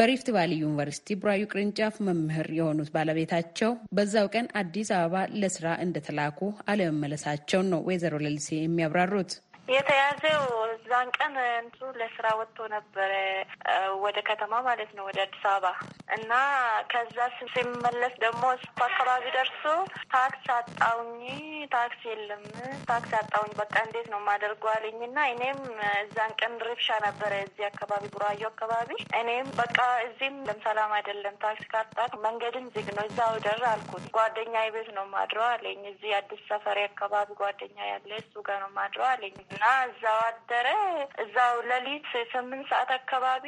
በሪፍት ቫሊ ዩኒቨርሲቲ ቡራዩ ቅርንጫፍ መምህር የሆኑት ባለቤታቸው በዛው ቀን አዲስ አበባ ለስራ እንደተላኩ አለመመለሳቸውን ነው ወይዘሮ ለልሴ የሚያብራሩት። የተያዘው እዛን ቀን እንሱ ለስራ ወጥቶ ነበረ ወደ ከተማ ማለት ነው ወደ አዲስ አበባ እና ከዛ ሲመለስ ደግሞ እሱ አካባቢ ደርሶ ታክስ አጣውኝ፣ ታክስ የለም፣ ታክስ አጣውኝ፣ በቃ እንዴት ነው የማደርገው አለኝ እና እኔም እዛን ቀን ርብሻ ነበረ እዚህ አካባቢ ጉራዩ አካባቢ እኔም በቃ እዚህም ሰላም አይደለም፣ ታክስ ካጣ መንገድም ዝግ ነው፣ እዛው ደር አልኩት። ጓደኛ ቤት ነው ማድረው አለኝ። እዚህ አዲስ ሰፈሪ አካባቢ ጓደኛ ያለ እሱ ጋር ነው ማድረው አለኝ። እና እዛው አደረ። እዛው ሌሊት ስምንት ሰዓት አካባቢ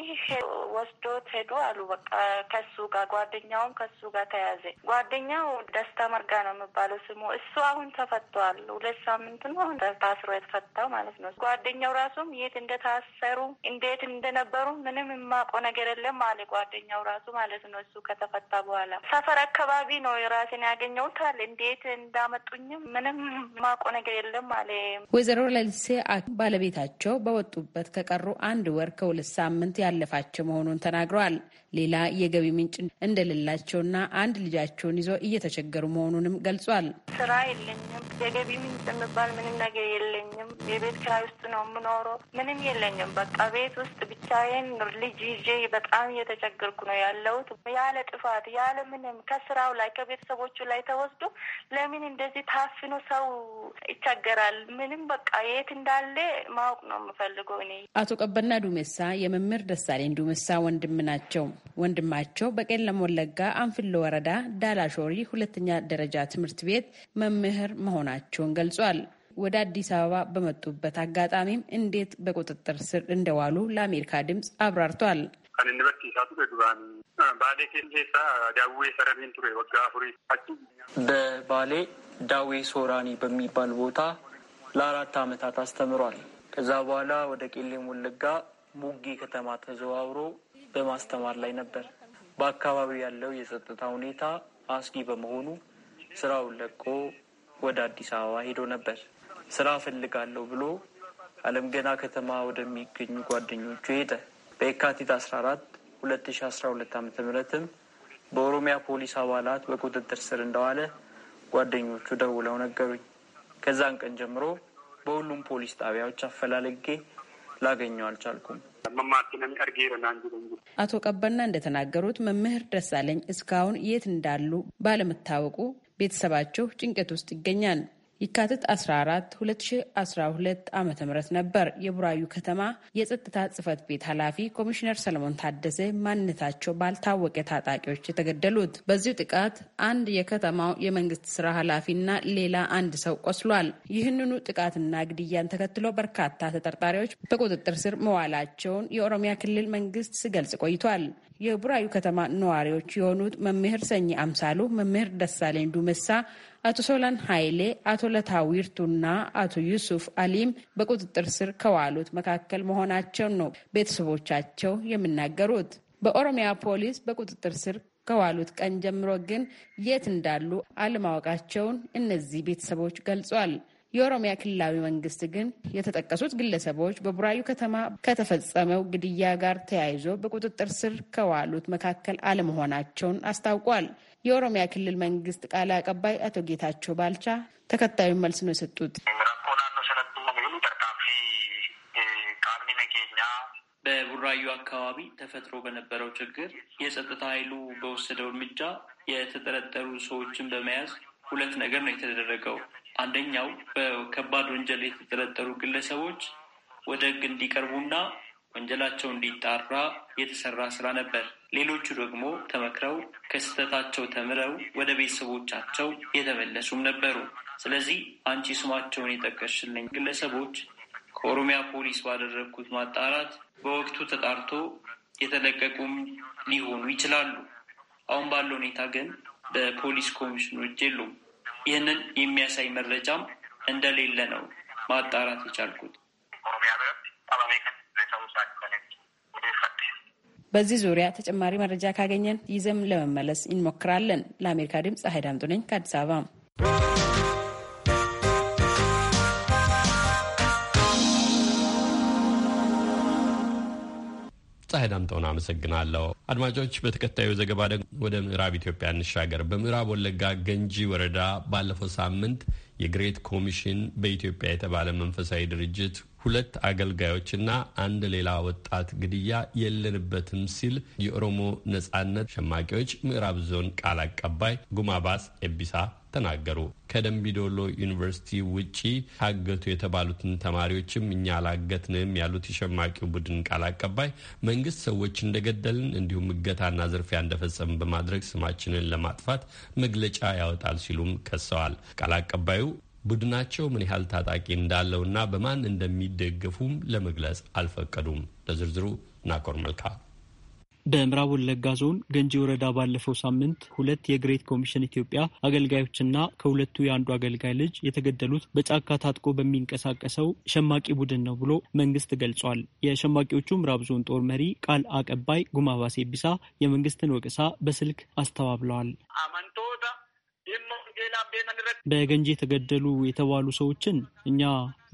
ወስዶት ሄዱ አሉ። በቃ ከሱ ጋር ጓደኛውም ከሱ ጋር ተያዘ። ጓደኛው ደስታ መርጋ ነው የሚባለው ስሙ። እሱ አሁን ተፈቷል። ሁለት ሳምንት ነው አሁን ታስሮ የተፈታው ማለት ነው። ጓደኛው ራሱም የት እንደታሰሩ እንዴት እንደነበሩ ምንም የማቆ ነገር የለም አለ ጓደኛው ራሱ ማለት ነው። እሱ ከተፈታ በኋላ ሰፈር አካባቢ ነው ራሴን ያገኘውታል። እንዴት እንዳመጡኝም ምንም ማቆ ነገር የለም አለ ወይዘሮ ለልሴ ባለቤታቸው በወጡበት ከቀሩ አንድ ወር ከሁለት ሳምንት ያለፋቸው መሆኑን ተናግረዋል። ሌላ የገቢ ምንጭ እንደሌላቸውና አንድ ልጃቸውን ይዘው እየተቸገሩ መሆኑንም ገልጿል። ስራ የለኝም፣ የገቢ ምንጭ የሚባል ምንም ነገር የለኝም። የቤት ኪራይ ውስጥ ነው የምኖረው። ምንም የለኝም። በቃ ቤት ውስጥ ብቻዬን ልጅ ይዤ በጣም እየተቸገርኩ ነው ያለሁት። ያለ ጥፋት ያለ ምንም ከስራው ላይ ከቤተሰቦቹ ላይ ተወስዶ ለምን እንደዚህ ታፍኖ ሰው ይቸገራል? ምንም በቃ የት እንዳለ ማወቅ ነው የምፈልገው እኔ። አቶ ቀበና ዱሜሳ የመምህር ደሳሌን ዱሜሳ ወንድም ናቸው። ወንድማቸው በቄለም ወለጋ አንፍሎ ወረዳ ዳላሾሪ ሁለተኛ ደረጃ ትምህርት ቤት መምህር መሆናቸውን ገልጿል። ወደ አዲስ አበባ በመጡበት አጋጣሚም እንዴት በቁጥጥር ስር እንደዋሉ ለአሜሪካ ድምፅ አብራርቷል። በባሌ ዳዌ ሶራኒ በሚባል ቦታ ለአራት ዓመታት አስተምሯል። ከዛ በኋላ ወደ ቄለም ወለጋ ሙጌ ከተማ ተዘዋውሮ በማስተማር ላይ ነበር። በአካባቢው ያለው የጸጥታ ሁኔታ አስጊ በመሆኑ ስራውን ለቆ ወደ አዲስ አበባ ሄዶ ነበር። ስራ ፈልጋለሁ ብሎ አለም ገና ከተማ ወደሚገኙ ጓደኞቹ ሄደ። በየካቲት 14 2012 ዓ ምትም በኦሮሚያ ፖሊስ አባላት በቁጥጥር ስር እንደዋለ ጓደኞቹ ደውለው ነገሩኝ። ከዛን ቀን ጀምሮ በሁሉም ፖሊስ ጣቢያዎች አፈላልጌ ላገኘው አልቻልኩም። አቶ ቀበና እንደተናገሩት መምህር ደሳለኝ እስካሁን የት እንዳሉ ባለመታወቁ ቤተሰባቸው ጭንቀት ውስጥ ይገኛል። ይካትት 14 2012 ዓ ም ነበር የቡራዩ ከተማ የጸጥታ ጽህፈት ቤት ኃላፊ ኮሚሽነር ሰለሞን ታደሰ ማንነታቸው ባልታወቀ ታጣቂዎች የተገደሉት። በዚሁ ጥቃት አንድ የከተማው የመንግስት ስራ ኃላፊና ሌላ አንድ ሰው ቆስሏል። ይህንኑ ጥቃትና ግድያን ተከትሎ በርካታ ተጠርጣሪዎች በቁጥጥር ስር መዋላቸውን የኦሮሚያ ክልል መንግስት ሲገልጽ ቆይቷል። የቡራዩ ከተማ ነዋሪዎች የሆኑት መምህር ሰኚ አምሳሉ፣ መምህር ደሳለኝ ዱመሳ አቶ ሶላን ኃይሌ፣ አቶ ለታዊርቱና አቶ ዩሱፍ አሊም በቁጥጥር ስር ከዋሉት መካከል መሆናቸው ነው ቤተሰቦቻቸው የሚናገሩት። በኦሮሚያ ፖሊስ በቁጥጥር ስር ከዋሉት ቀን ጀምሮ ግን የት እንዳሉ አለማወቃቸውን እነዚህ ቤተሰቦች ገልጿል። የኦሮሚያ ክልላዊ መንግስት ግን የተጠቀሱት ግለሰቦች በቡራዩ ከተማ ከተፈጸመው ግድያ ጋር ተያይዞ በቁጥጥር ስር ከዋሉት መካከል አለመሆናቸውን አስታውቋል። የኦሮሚያ ክልል መንግስት ቃል አቀባይ አቶ ጌታቸው ባልቻ ተከታዩን መልስ ነው የሰጡት። በቡራዩ አካባቢ ተፈጥሮ በነበረው ችግር የጸጥታ ኃይሉ በወሰደው እርምጃ የተጠረጠሩ ሰዎችን በመያዝ ሁለት ነገር ነው የተደረገው። አንደኛው በከባድ ወንጀል የተጠረጠሩ ግለሰቦች ወደ ህግ እንዲቀርቡና ወንጀላቸው እንዲጣራ የተሰራ ስራ ነበር። ሌሎቹ ደግሞ ተመክረው ከስህተታቸው ተምረው ወደ ቤተሰቦቻቸው የተመለሱም ነበሩ። ስለዚህ አንቺ ስማቸውን የጠቀሽልኝ ግለሰቦች ከኦሮሚያ ፖሊስ ባደረግኩት ማጣራት በወቅቱ ተጣርቶ የተለቀቁም ሊሆኑ ይችላሉ። አሁን ባለው ሁኔታ ግን በፖሊስ ኮሚሽኑ እጅ የሉም። ይህንን የሚያሳይ መረጃም እንደሌለ ነው ማጣራት የቻልኩት። በዚህ ዙሪያ ተጨማሪ መረጃ ካገኘን ይዘም ለመመለስ እንሞክራለን። ለአሜሪካ ድምፅ ፀሐይ ዳምጡ ነኝ ከአዲስ አበባ። ፀሐይ ዳምጠውን አመሰግናለሁ። አድማጮች፣ በተከታዩ ዘገባ ደግሞ ወደ ምዕራብ ኢትዮጵያ እንሻገር። በምዕራብ ወለጋ ገንጂ ወረዳ ባለፈው ሳምንት የግሬት ኮሚሽን በኢትዮጵያ የተባለ መንፈሳዊ ድርጅት ሁለት አገልጋዮችና አንድ ሌላ ወጣት ግድያ የለንበትም ሲል የኦሮሞ ነጻነት ሸማቂዎች ምዕራብ ዞን ቃል አቀባይ ጉማባስ ኤቢሳ ተናገሩ። ከደምቢዶሎ ዩኒቨርሲቲ ውጪ ታገቱ የተባሉትን ተማሪዎችም እኛ አላገትንም ያሉት የሸማቂው ቡድን ቃል አቀባይ መንግስት ሰዎች እንደገደልን እንዲሁም እገታና ዝርፊያ እንደፈጸምን በማድረግ ስማችንን ለማጥፋት መግለጫ ያወጣል ሲሉም ከሰዋል። ቃል አቀባዩ ቡድናቸው ምን ያህል ታጣቂ እንዳለውና በማን እንደሚደገፉም ለመግለጽ አልፈቀዱም። ለዝርዝሩ ናኮር መልካ። በምዕራብ ወለጋ ዞን ገንጂ ወረዳ ባለፈው ሳምንት ሁለት የግሬት ኮሚሽን ኢትዮጵያ አገልጋዮችና ከሁለቱ የአንዱ አገልጋይ ልጅ የተገደሉት በጫካ ታጥቆ በሚንቀሳቀሰው ሸማቂ ቡድን ነው ብሎ መንግስት ገልጿል። የሸማቂዎቹ ምዕራብ ዞን ጦር መሪ ቃል አቀባይ ጉማባሴ ቢሳ የመንግስትን ወቀሳ በስልክ አስተባብለዋል። አመንቶታ በገንጂ የተገደሉ የተባሉ ሰዎችን እኛ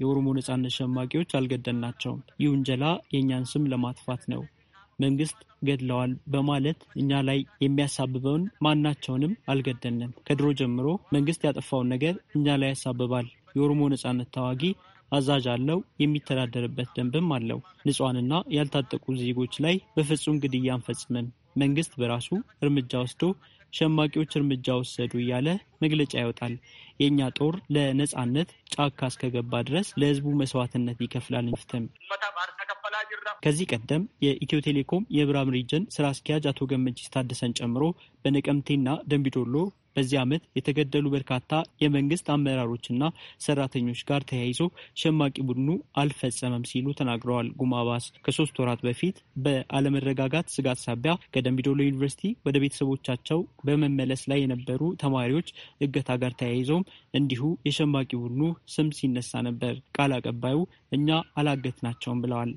የኦሮሞ ነጻነት ሸማቂዎች አልገደልናቸውም። ይህ ውንጀላ የእኛን ስም ለማጥፋት ነው። መንግስት ገድለዋል በማለት እኛ ላይ የሚያሳብበውን ማናቸውንም አልገደልንም። ከድሮ ጀምሮ መንግስት ያጠፋውን ነገር እኛ ላይ ያሳብባል። የኦሮሞ ነጻነት ታዋጊ አዛዥ አለው፣ የሚተዳደርበት ደንብም አለው። ንጹሐንና ያልታጠቁ ዜጎች ላይ በፍጹም ግድያ አንፈጽምም። መንግስት በራሱ እርምጃ ወስዶ ሸማቂዎች እርምጃ ወሰዱ እያለ መግለጫ ያወጣል። የእኛ ጦር ለነጻነት ጫካ እስከገባ ድረስ ለህዝቡ መስዋዕትነት ይከፍላል። ፍትም ከዚህ ቀደም የኢትዮ ቴሌኮም የብራም ሪጅን ስራ አስኪያጅ አቶ ገመችስ ታደሰን ጨምሮ በነቀምቴና ደንቢዶሎ በዚህ ዓመት የተገደሉ በርካታ የመንግስት አመራሮችና ሰራተኞች ጋር ተያይዞ ሸማቂ ቡድኑ አልፈጸመም ሲሉ ተናግረዋል። ጉማባስ ከሶስት ወራት በፊት በአለመረጋጋት ስጋት ሳቢያ ከደምቢዶሎ ዩኒቨርሲቲ ወደ ቤተሰቦቻቸው በመመለስ ላይ የነበሩ ተማሪዎች እገታ ጋር ተያይዘውም እንዲሁ የሸማቂ ቡድኑ ስም ሲነሳ ነበር። ቃል አቀባዩ እኛ አላገትናቸውም ብለዋል።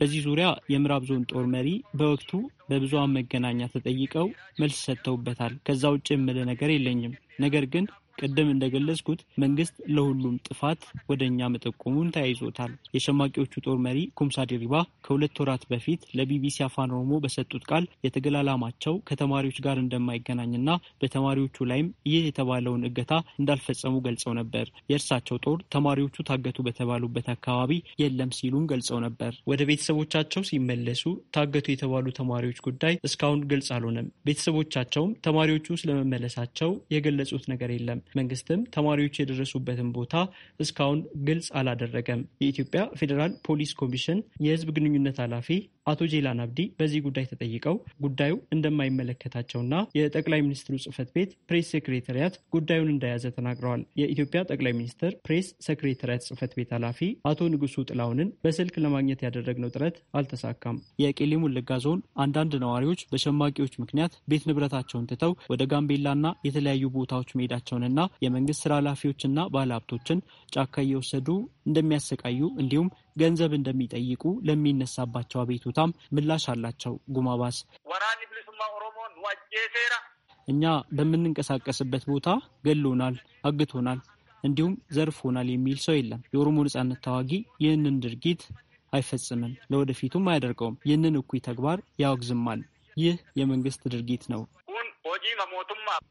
በዚህ ዙሪያ የምዕራብ ዞን ጦር መሪ በወቅቱ በብዙሃን መገናኛ ተጠይቀው መልስ ሰጥተውበታል። ከዛ ውጭ የምለ ነገር የለኝም። ነገር ግን ቅድም እንደገለጽኩት መንግስት ለሁሉም ጥፋት ወደ እኛ መጠቆሙን ተያይዞታል። የሸማቂዎቹ ጦር መሪ ኩምሳ ድሪባ ከሁለት ወራት በፊት ለቢቢሲ አፋን ኦሮሞ በሰጡት ቃል የትግል ዓላማቸው ከተማሪዎች ጋር እንደማይገናኝና በተማሪዎቹ ላይም ይህ የተባለውን እገታ እንዳልፈጸሙ ገልጸው ነበር። የእርሳቸው ጦር ተማሪዎቹ ታገቱ በተባሉበት አካባቢ የለም ሲሉም ገልጸው ነበር። ወደ ቤተሰቦቻቸው ሲመለሱ ታገቱ የተባሉ ተማሪዎች ጉዳይ እስካሁን ግልጽ አልሆነም። ቤተሰቦቻቸውም ተማሪዎቹ ስለመመለሳቸው የገለጹት ነገር የለም። መንግስትም ተማሪዎች የደረሱበትን ቦታ እስካሁን ግልጽ አላደረገም። የኢትዮጵያ ፌዴራል ፖሊስ ኮሚሽን የህዝብ ግንኙነት ኃላፊ አቶ ጄላን አብዲ በዚህ ጉዳይ ተጠይቀው ጉዳዩ እንደማይመለከታቸውና የጠቅላይ ሚኒስትሩ ጽህፈት ቤት ፕሬስ ሴክሬታሪያት ጉዳዩን እንደያዘ ተናግረዋል። የኢትዮጵያ ጠቅላይ ሚኒስትር ፕሬስ ሴክሬታሪያት ጽህፈት ቤት ኃላፊ አቶ ንጉሱ ጥላሁንን በስልክ ለማግኘት ያደረግነው ጥረት አልተሳካም። የቄሌ ሙለጋ ዞን አንዳንድ ነዋሪዎች በሸማቂዎች ምክንያት ቤት ንብረታቸውን ትተው ወደ ጋምቤላና የተለያዩ ቦታዎች መሄዳቸውንና የመንግስት ስራ ኃላፊዎችና ባለሀብቶችን ጫካ እየወሰዱ እንደሚያሰቃዩ እንዲሁም ገንዘብ እንደሚጠይቁ ለሚነሳባቸው አቤቱታም ምላሽ አላቸው። ጉማባስ እኛ በምንንቀሳቀስበት ቦታ ገሎናል፣ አግቶናል፣ እንዲሁም ዘርፎናል የሚል ሰው የለም። የኦሮሞ ነጻነት ታዋጊ ይህንን ድርጊት አይፈጽምም፣ ለወደፊቱም አያደርገውም። ይህንን እኩይ ተግባር ያወግዝማል። ይህ የመንግስት ድርጊት ነው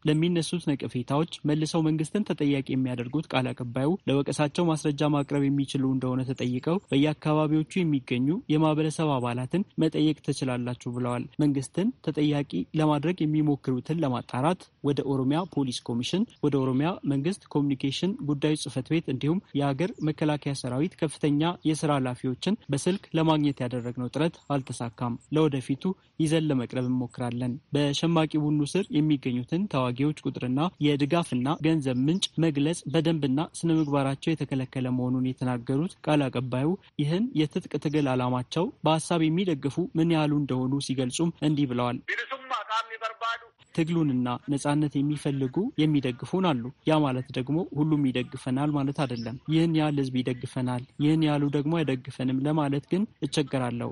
ለሚነሱት ነቀፌታዎች መልሰው መንግስትን ተጠያቂ የሚያደርጉት ቃል አቀባዩ ለወቀሳቸው ማስረጃ ማቅረብ የሚችሉ እንደሆነ ተጠይቀው በየአካባቢዎቹ የሚገኙ የማህበረሰብ አባላትን መጠየቅ ትችላላችሁ ብለዋል። መንግስትን ተጠያቂ ለማድረግ የሚሞክሩትን ለማጣራት ወደ ኦሮሚያ ፖሊስ ኮሚሽን፣ ወደ ኦሮሚያ መንግስት ኮሚኒኬሽን ጉዳዮች ጽህፈት ቤት እንዲሁም የሀገር መከላከያ ሰራዊት ከፍተኛ የስራ ኃላፊዎችን በስልክ ለማግኘት ያደረግነው ጥረት አልተሳካም። ለወደፊቱ ይዘን ለመቅረብ እንሞክራለን። በሸማቂ ቡኑ ስር የሚገኙትን ተዋጊዎች ቁጥርና የድጋፍና ገንዘብ ምንጭ መግለጽ በደንብና ስነ ምግባራቸው የተከለከለ መሆኑን የተናገሩት ቃል አቀባዩ ይህን የትጥቅ ትግል ዓላማቸው በሀሳብ የሚደግፉ ምን ያህሉ እንደሆኑ ሲገልጹም እንዲህ ብለዋል። ትግሉንና ነጻነት የሚፈልጉ የሚደግፉን አሉ። ያ ማለት ደግሞ ሁሉም ይደግፈናል ማለት አይደለም። ይህን ያህል ህዝብ ይደግፈናል፣ ይህን ያህሉ ደግሞ አይደግፈንም ለማለት ግን እቸገራለሁ።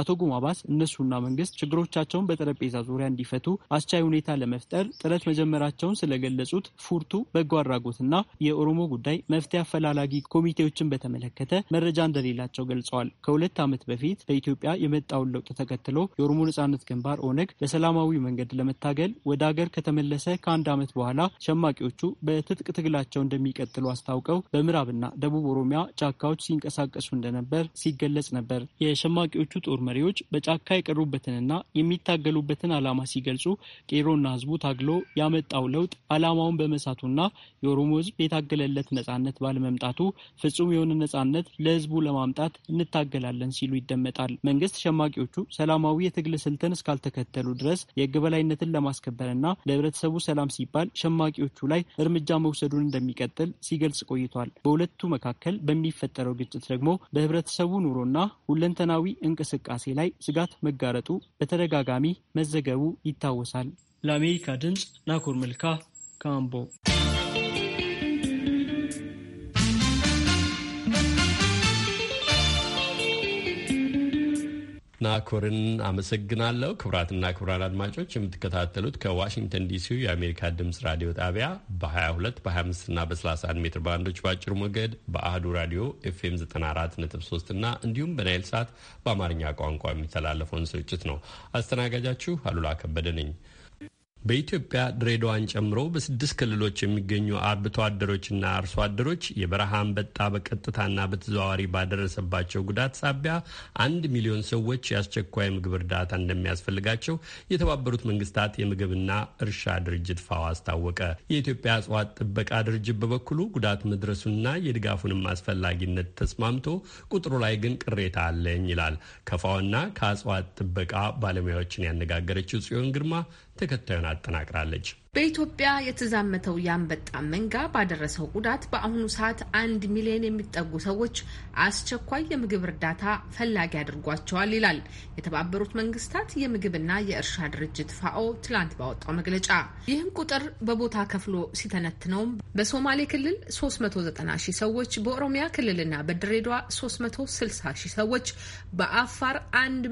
አቶ ጉማባስ እነሱና መንግስት ችግሮቻቸውን በጠረጴዛ ዙሪያ እንዲፈቱ አስቻይ ሁኔታ ለመፍጠር ጥረት መጀመራቸውን ስለገለጹት ፉርቱ በጎ አድራጎትና የኦሮሞ ጉዳይ መፍትሄ አፈላላጊ ኮሚቴዎችን በተመለከተ መረጃ እንደሌላቸው ገልጸዋል። ከሁለት ዓመት በፊት በኢትዮጵያ የመጣውን ለውጥ ተከትሎ የኦሮሞ ነጻነት ግንባር ኦነግ በሰላማዊ መንገድ ለመታገል ወደ አገር ከተመለሰ ከአንድ ዓመት በኋላ ሸማቂዎቹ በትጥቅ ትግላቸው እንደሚቀጥሉ አስታውቀው በምዕራብና ደቡብ ኦሮሚያ ጫካዎች ሲንቀሳቀሱ እንደነበር ሲገለጽ ነበር። የሸማቂዎቹ ጦር መሪዎች በጫካ የቀሩበትንና የሚታገሉበትን ዓላማ ሲገልጹ ቄሮና ህዝቡ ታግሎ ያመጣው ለውጥ ዓላማውን በመሳቱና የኦሮሞ ህዝብ የታገለለት ነጻነት ባለመምጣቱ ፍጹም የሆነ ነጻነት ለህዝቡ ለማምጣት እንታገላለን ሲሉ ይደመጣል። መንግስት ሸማቂዎቹ ሰላማዊ የትግል ስልትን እስካልተከ እስካልተከተሉ ድረስ የህግ በላይነትን ለማስከበርና ለህብረተሰቡ ሰላም ሲባል ሸማቂዎቹ ላይ እርምጃ መውሰዱን እንደሚቀጥል ሲገልጽ ቆይቷል። በሁለቱ መካከል በሚፈጠረው ግጭት ደግሞ በህብረተሰቡ ኑሮና ሁለንተናዊ እንቅስቃሴ ላይ ስጋት መጋረጡ በተደጋጋሚ መዘገቡ ይታወሳል። ለአሜሪካ ድምፅ ናኮር መልካ ካምቦ ናኮርን አመሰግናለሁ። ክቡራትና ክቡራን አድማጮች የምትከታተሉት ከዋሽንግተን ዲሲ የአሜሪካ ድምፅ ራዲዮ ጣቢያ በ22 25 እና በ31 ሜትር ባንዶች በአጭር ሞገድ በአህዱ ራዲዮ ኤፍኤም 94.3 እና እንዲሁም በናይል ሰዓት በአማርኛ ቋንቋ የሚተላለፈውን ስርጭት ነው። አስተናጋጃችሁ አሉላ ከበደ ነኝ። በኢትዮጵያ ድሬዳዋን ጨምሮ በስድስት ክልሎች የሚገኙ አርብቶ አደሮችና አርሶ አደሮች የበረሃ አንበጣ በቀጥታና በተዘዋዋሪ ባደረሰባቸው ጉዳት ሳቢያ አንድ ሚሊዮን ሰዎች የአስቸኳይ ምግብ እርዳታ እንደሚያስፈልጋቸው የተባበሩት መንግስታት የምግብና እርሻ ድርጅት ፋዋ አስታወቀ። የኢትዮጵያ እጽዋት ጥበቃ ድርጅት በበኩሉ ጉዳት መድረሱና የድጋፉንም አስፈላጊነት ተስማምቶ ቁጥሩ ላይ ግን ቅሬታ አለኝ ይላል። ከፋዋና ከእጽዋት ጥበቃ ባለሙያዎችን ያነጋገረችው ጽዮን ግርማ ተከታዩን አጠናቅራለች። በኢትዮጵያ የተዛመተው የአንበጣ መንጋ ባደረሰው ጉዳት በአሁኑ ሰዓት አንድ ሚሊዮን የሚጠጉ ሰዎች አስቸኳይ የምግብ እርዳታ ፈላጊ አድርጓቸዋል ይላል የተባበሩት መንግስታት የምግብና የእርሻ ድርጅት ፋኦ ትላንት ባወጣው መግለጫ። ይህም ቁጥር በቦታ ከፍሎ ሲተነትነውም በሶማሌ ክልል 390 ሺህ ሰዎች፣ በኦሮሚያ ክልልና በድሬዷ 360 ሺህ ሰዎች፣ በአፋር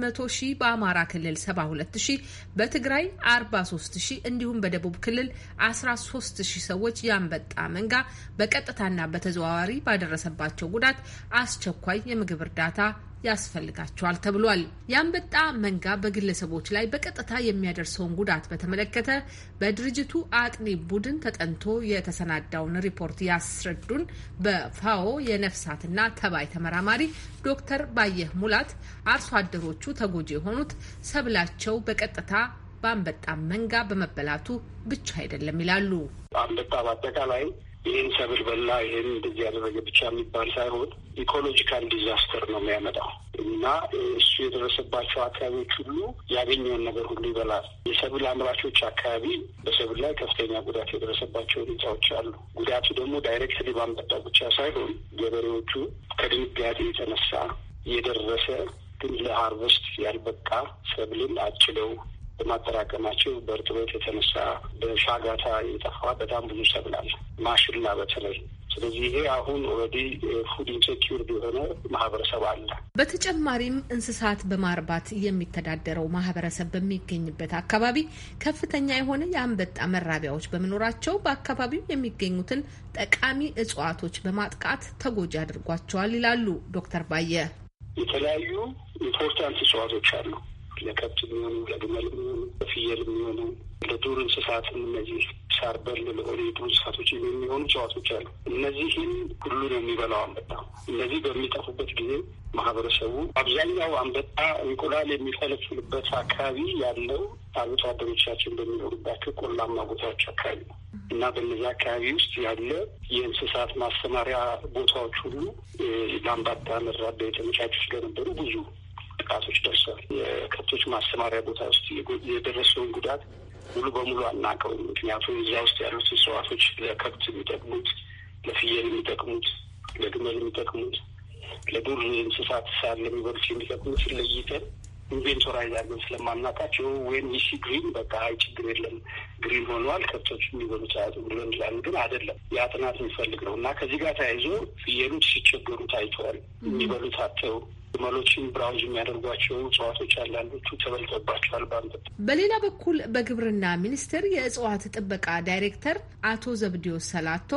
100 ሺህ፣ በአማራ ክልል 72 ሺህ፣ በትግራይ 43 ሺህ እንዲሁም በደቡብ ክልል ክልል 13 ሺህ ሰዎች የአንበጣ መንጋ በቀጥታና በተዘዋዋሪ ባደረሰባቸው ጉዳት አስቸኳይ የምግብ እርዳታ ያስፈልጋቸዋል ተብሏል። የአንበጣ መንጋ በግለሰቦች ላይ በቀጥታ የሚያደርሰውን ጉዳት በተመለከተ በድርጅቱ አጥኒ ቡድን ተጠንቶ የተሰናዳውን ሪፖርት ያስረዱን በፋኦ የነፍሳትና ተባይ ተመራማሪ ዶክተር ባየህ ሙላት አርሶ አደሮቹ ተጎጂ የሆኑት ሰብላቸው በቀጥታ በአንበጣ መንጋ በመበላቱ ብቻ አይደለም ይላሉ። አንበጣ በአጠቃላይ ይህን ሰብል በላ፣ ይህን እንደዚህ ያደረገ ብቻ የሚባል ሳይሆን ኢኮሎጂካል ዲዛስተር ነው የሚያመጣው እና እሱ የደረሰባቸው አካባቢዎች ሁሉ ያገኘውን ነገር ሁሉ ይበላል። የሰብል አምራቾች አካባቢ በሰብል ላይ ከፍተኛ ጉዳት የደረሰባቸው ሁኔታዎች አሉ። ጉዳቱ ደግሞ ዳይሬክትሊ ባንበጣ ብቻ ሳይሆን ገበሬዎቹ ከድንጋጤ የተነሳ የደረሰ ግን ለሀርቨስት ያልበቃ ሰብልን አጭደው በማጠራቀማቸው በእርጥበት የተነሳ በሻጋታ የጠፋ በጣም ብዙ ሰብላል ማሽላ በተለይ ስለዚህ ይሄ አሁን ኦልሬዲ ፉድ ኢንሴኪር የሆነ ማህበረሰብ አለ። በተጨማሪም እንስሳት በማርባት የሚተዳደረው ማህበረሰብ በሚገኝበት አካባቢ ከፍተኛ የሆነ የአንበጣ መራቢያዎች በመኖራቸው በአካባቢው የሚገኙትን ጠቃሚ እጽዋቶች በማጥቃት ተጎጂ አድርጓቸዋል ይላሉ ዶክተር ባየ። የተለያዩ ኢምፖርታንት እጽዋቶች አሉ ለከብት የሚሆኑ ለግመል የሚሆኑ ለፍየል የሚሆኑ ለዱር እንስሳት እነዚህ ሳር በል ለኦሌ የዱር እንስሳቶች የሚሆኑ እጽዋቶች አሉ። እነዚህን ሁሉ ነው የሚበላው አንበጣ። እነዚህ በሚጠፉበት ጊዜ ማህበረሰቡ አብዛኛው አንበጣ እንቁላል የሚፈለፍልበት አካባቢ ያለው አርብቶ አደሮቻችን በሚኖሩባቸው ቆላማ ቦታዎች አካባቢ ነው እና በነዚህ አካባቢ ውስጥ ያለ የእንስሳት ማሰማሪያ ቦታዎች ሁሉ ለአንበጣ መራቢያ የተመቻቹ ስለነበሩ ብዙ ጥቃቶች ደርሰዋል። የከብቶች ማሰማሪያ ቦታ ውስጥ የደረሰውን ጉዳት ሙሉ በሙሉ አናውቀውም። ምክንያቱም እዛ ውስጥ ያሉት እጽዋቶች ለከብት የሚጠቅሙት፣ ለፍየል የሚጠቅሙት፣ ለግመል የሚጠቅሙት፣ ለዱር እንስሳት ሳር ለሚበሉት የሚጠቅሙት ለይተን ኢንቬንቶራይዝ አድርገን ስለማናውቃቸው ወይም ይህ ግሪን በቃ አይ ችግር የለም ግሪን ሆኗል ከብቶች የሚበሉት አያጡ ብሎ እንላለን። ግን አይደለም ያ ጥናት የሚፈልግ ነው እና ከዚህ ጋር ተያይዞ ፍየሎች ሲቸገሩ ታይተዋል። የሚበሉት አጥተው ግመሎችም ብራውዝ የሚያደርጓቸው እጽዋቶች አንዳንዶቹ ተበልጦባቸዋል። በአንድ በሌላ በኩል በግብርና ሚኒስቴር የእጽዋት ጥበቃ ዳይሬክተር አቶ ዘብዲዮ ሰላቶ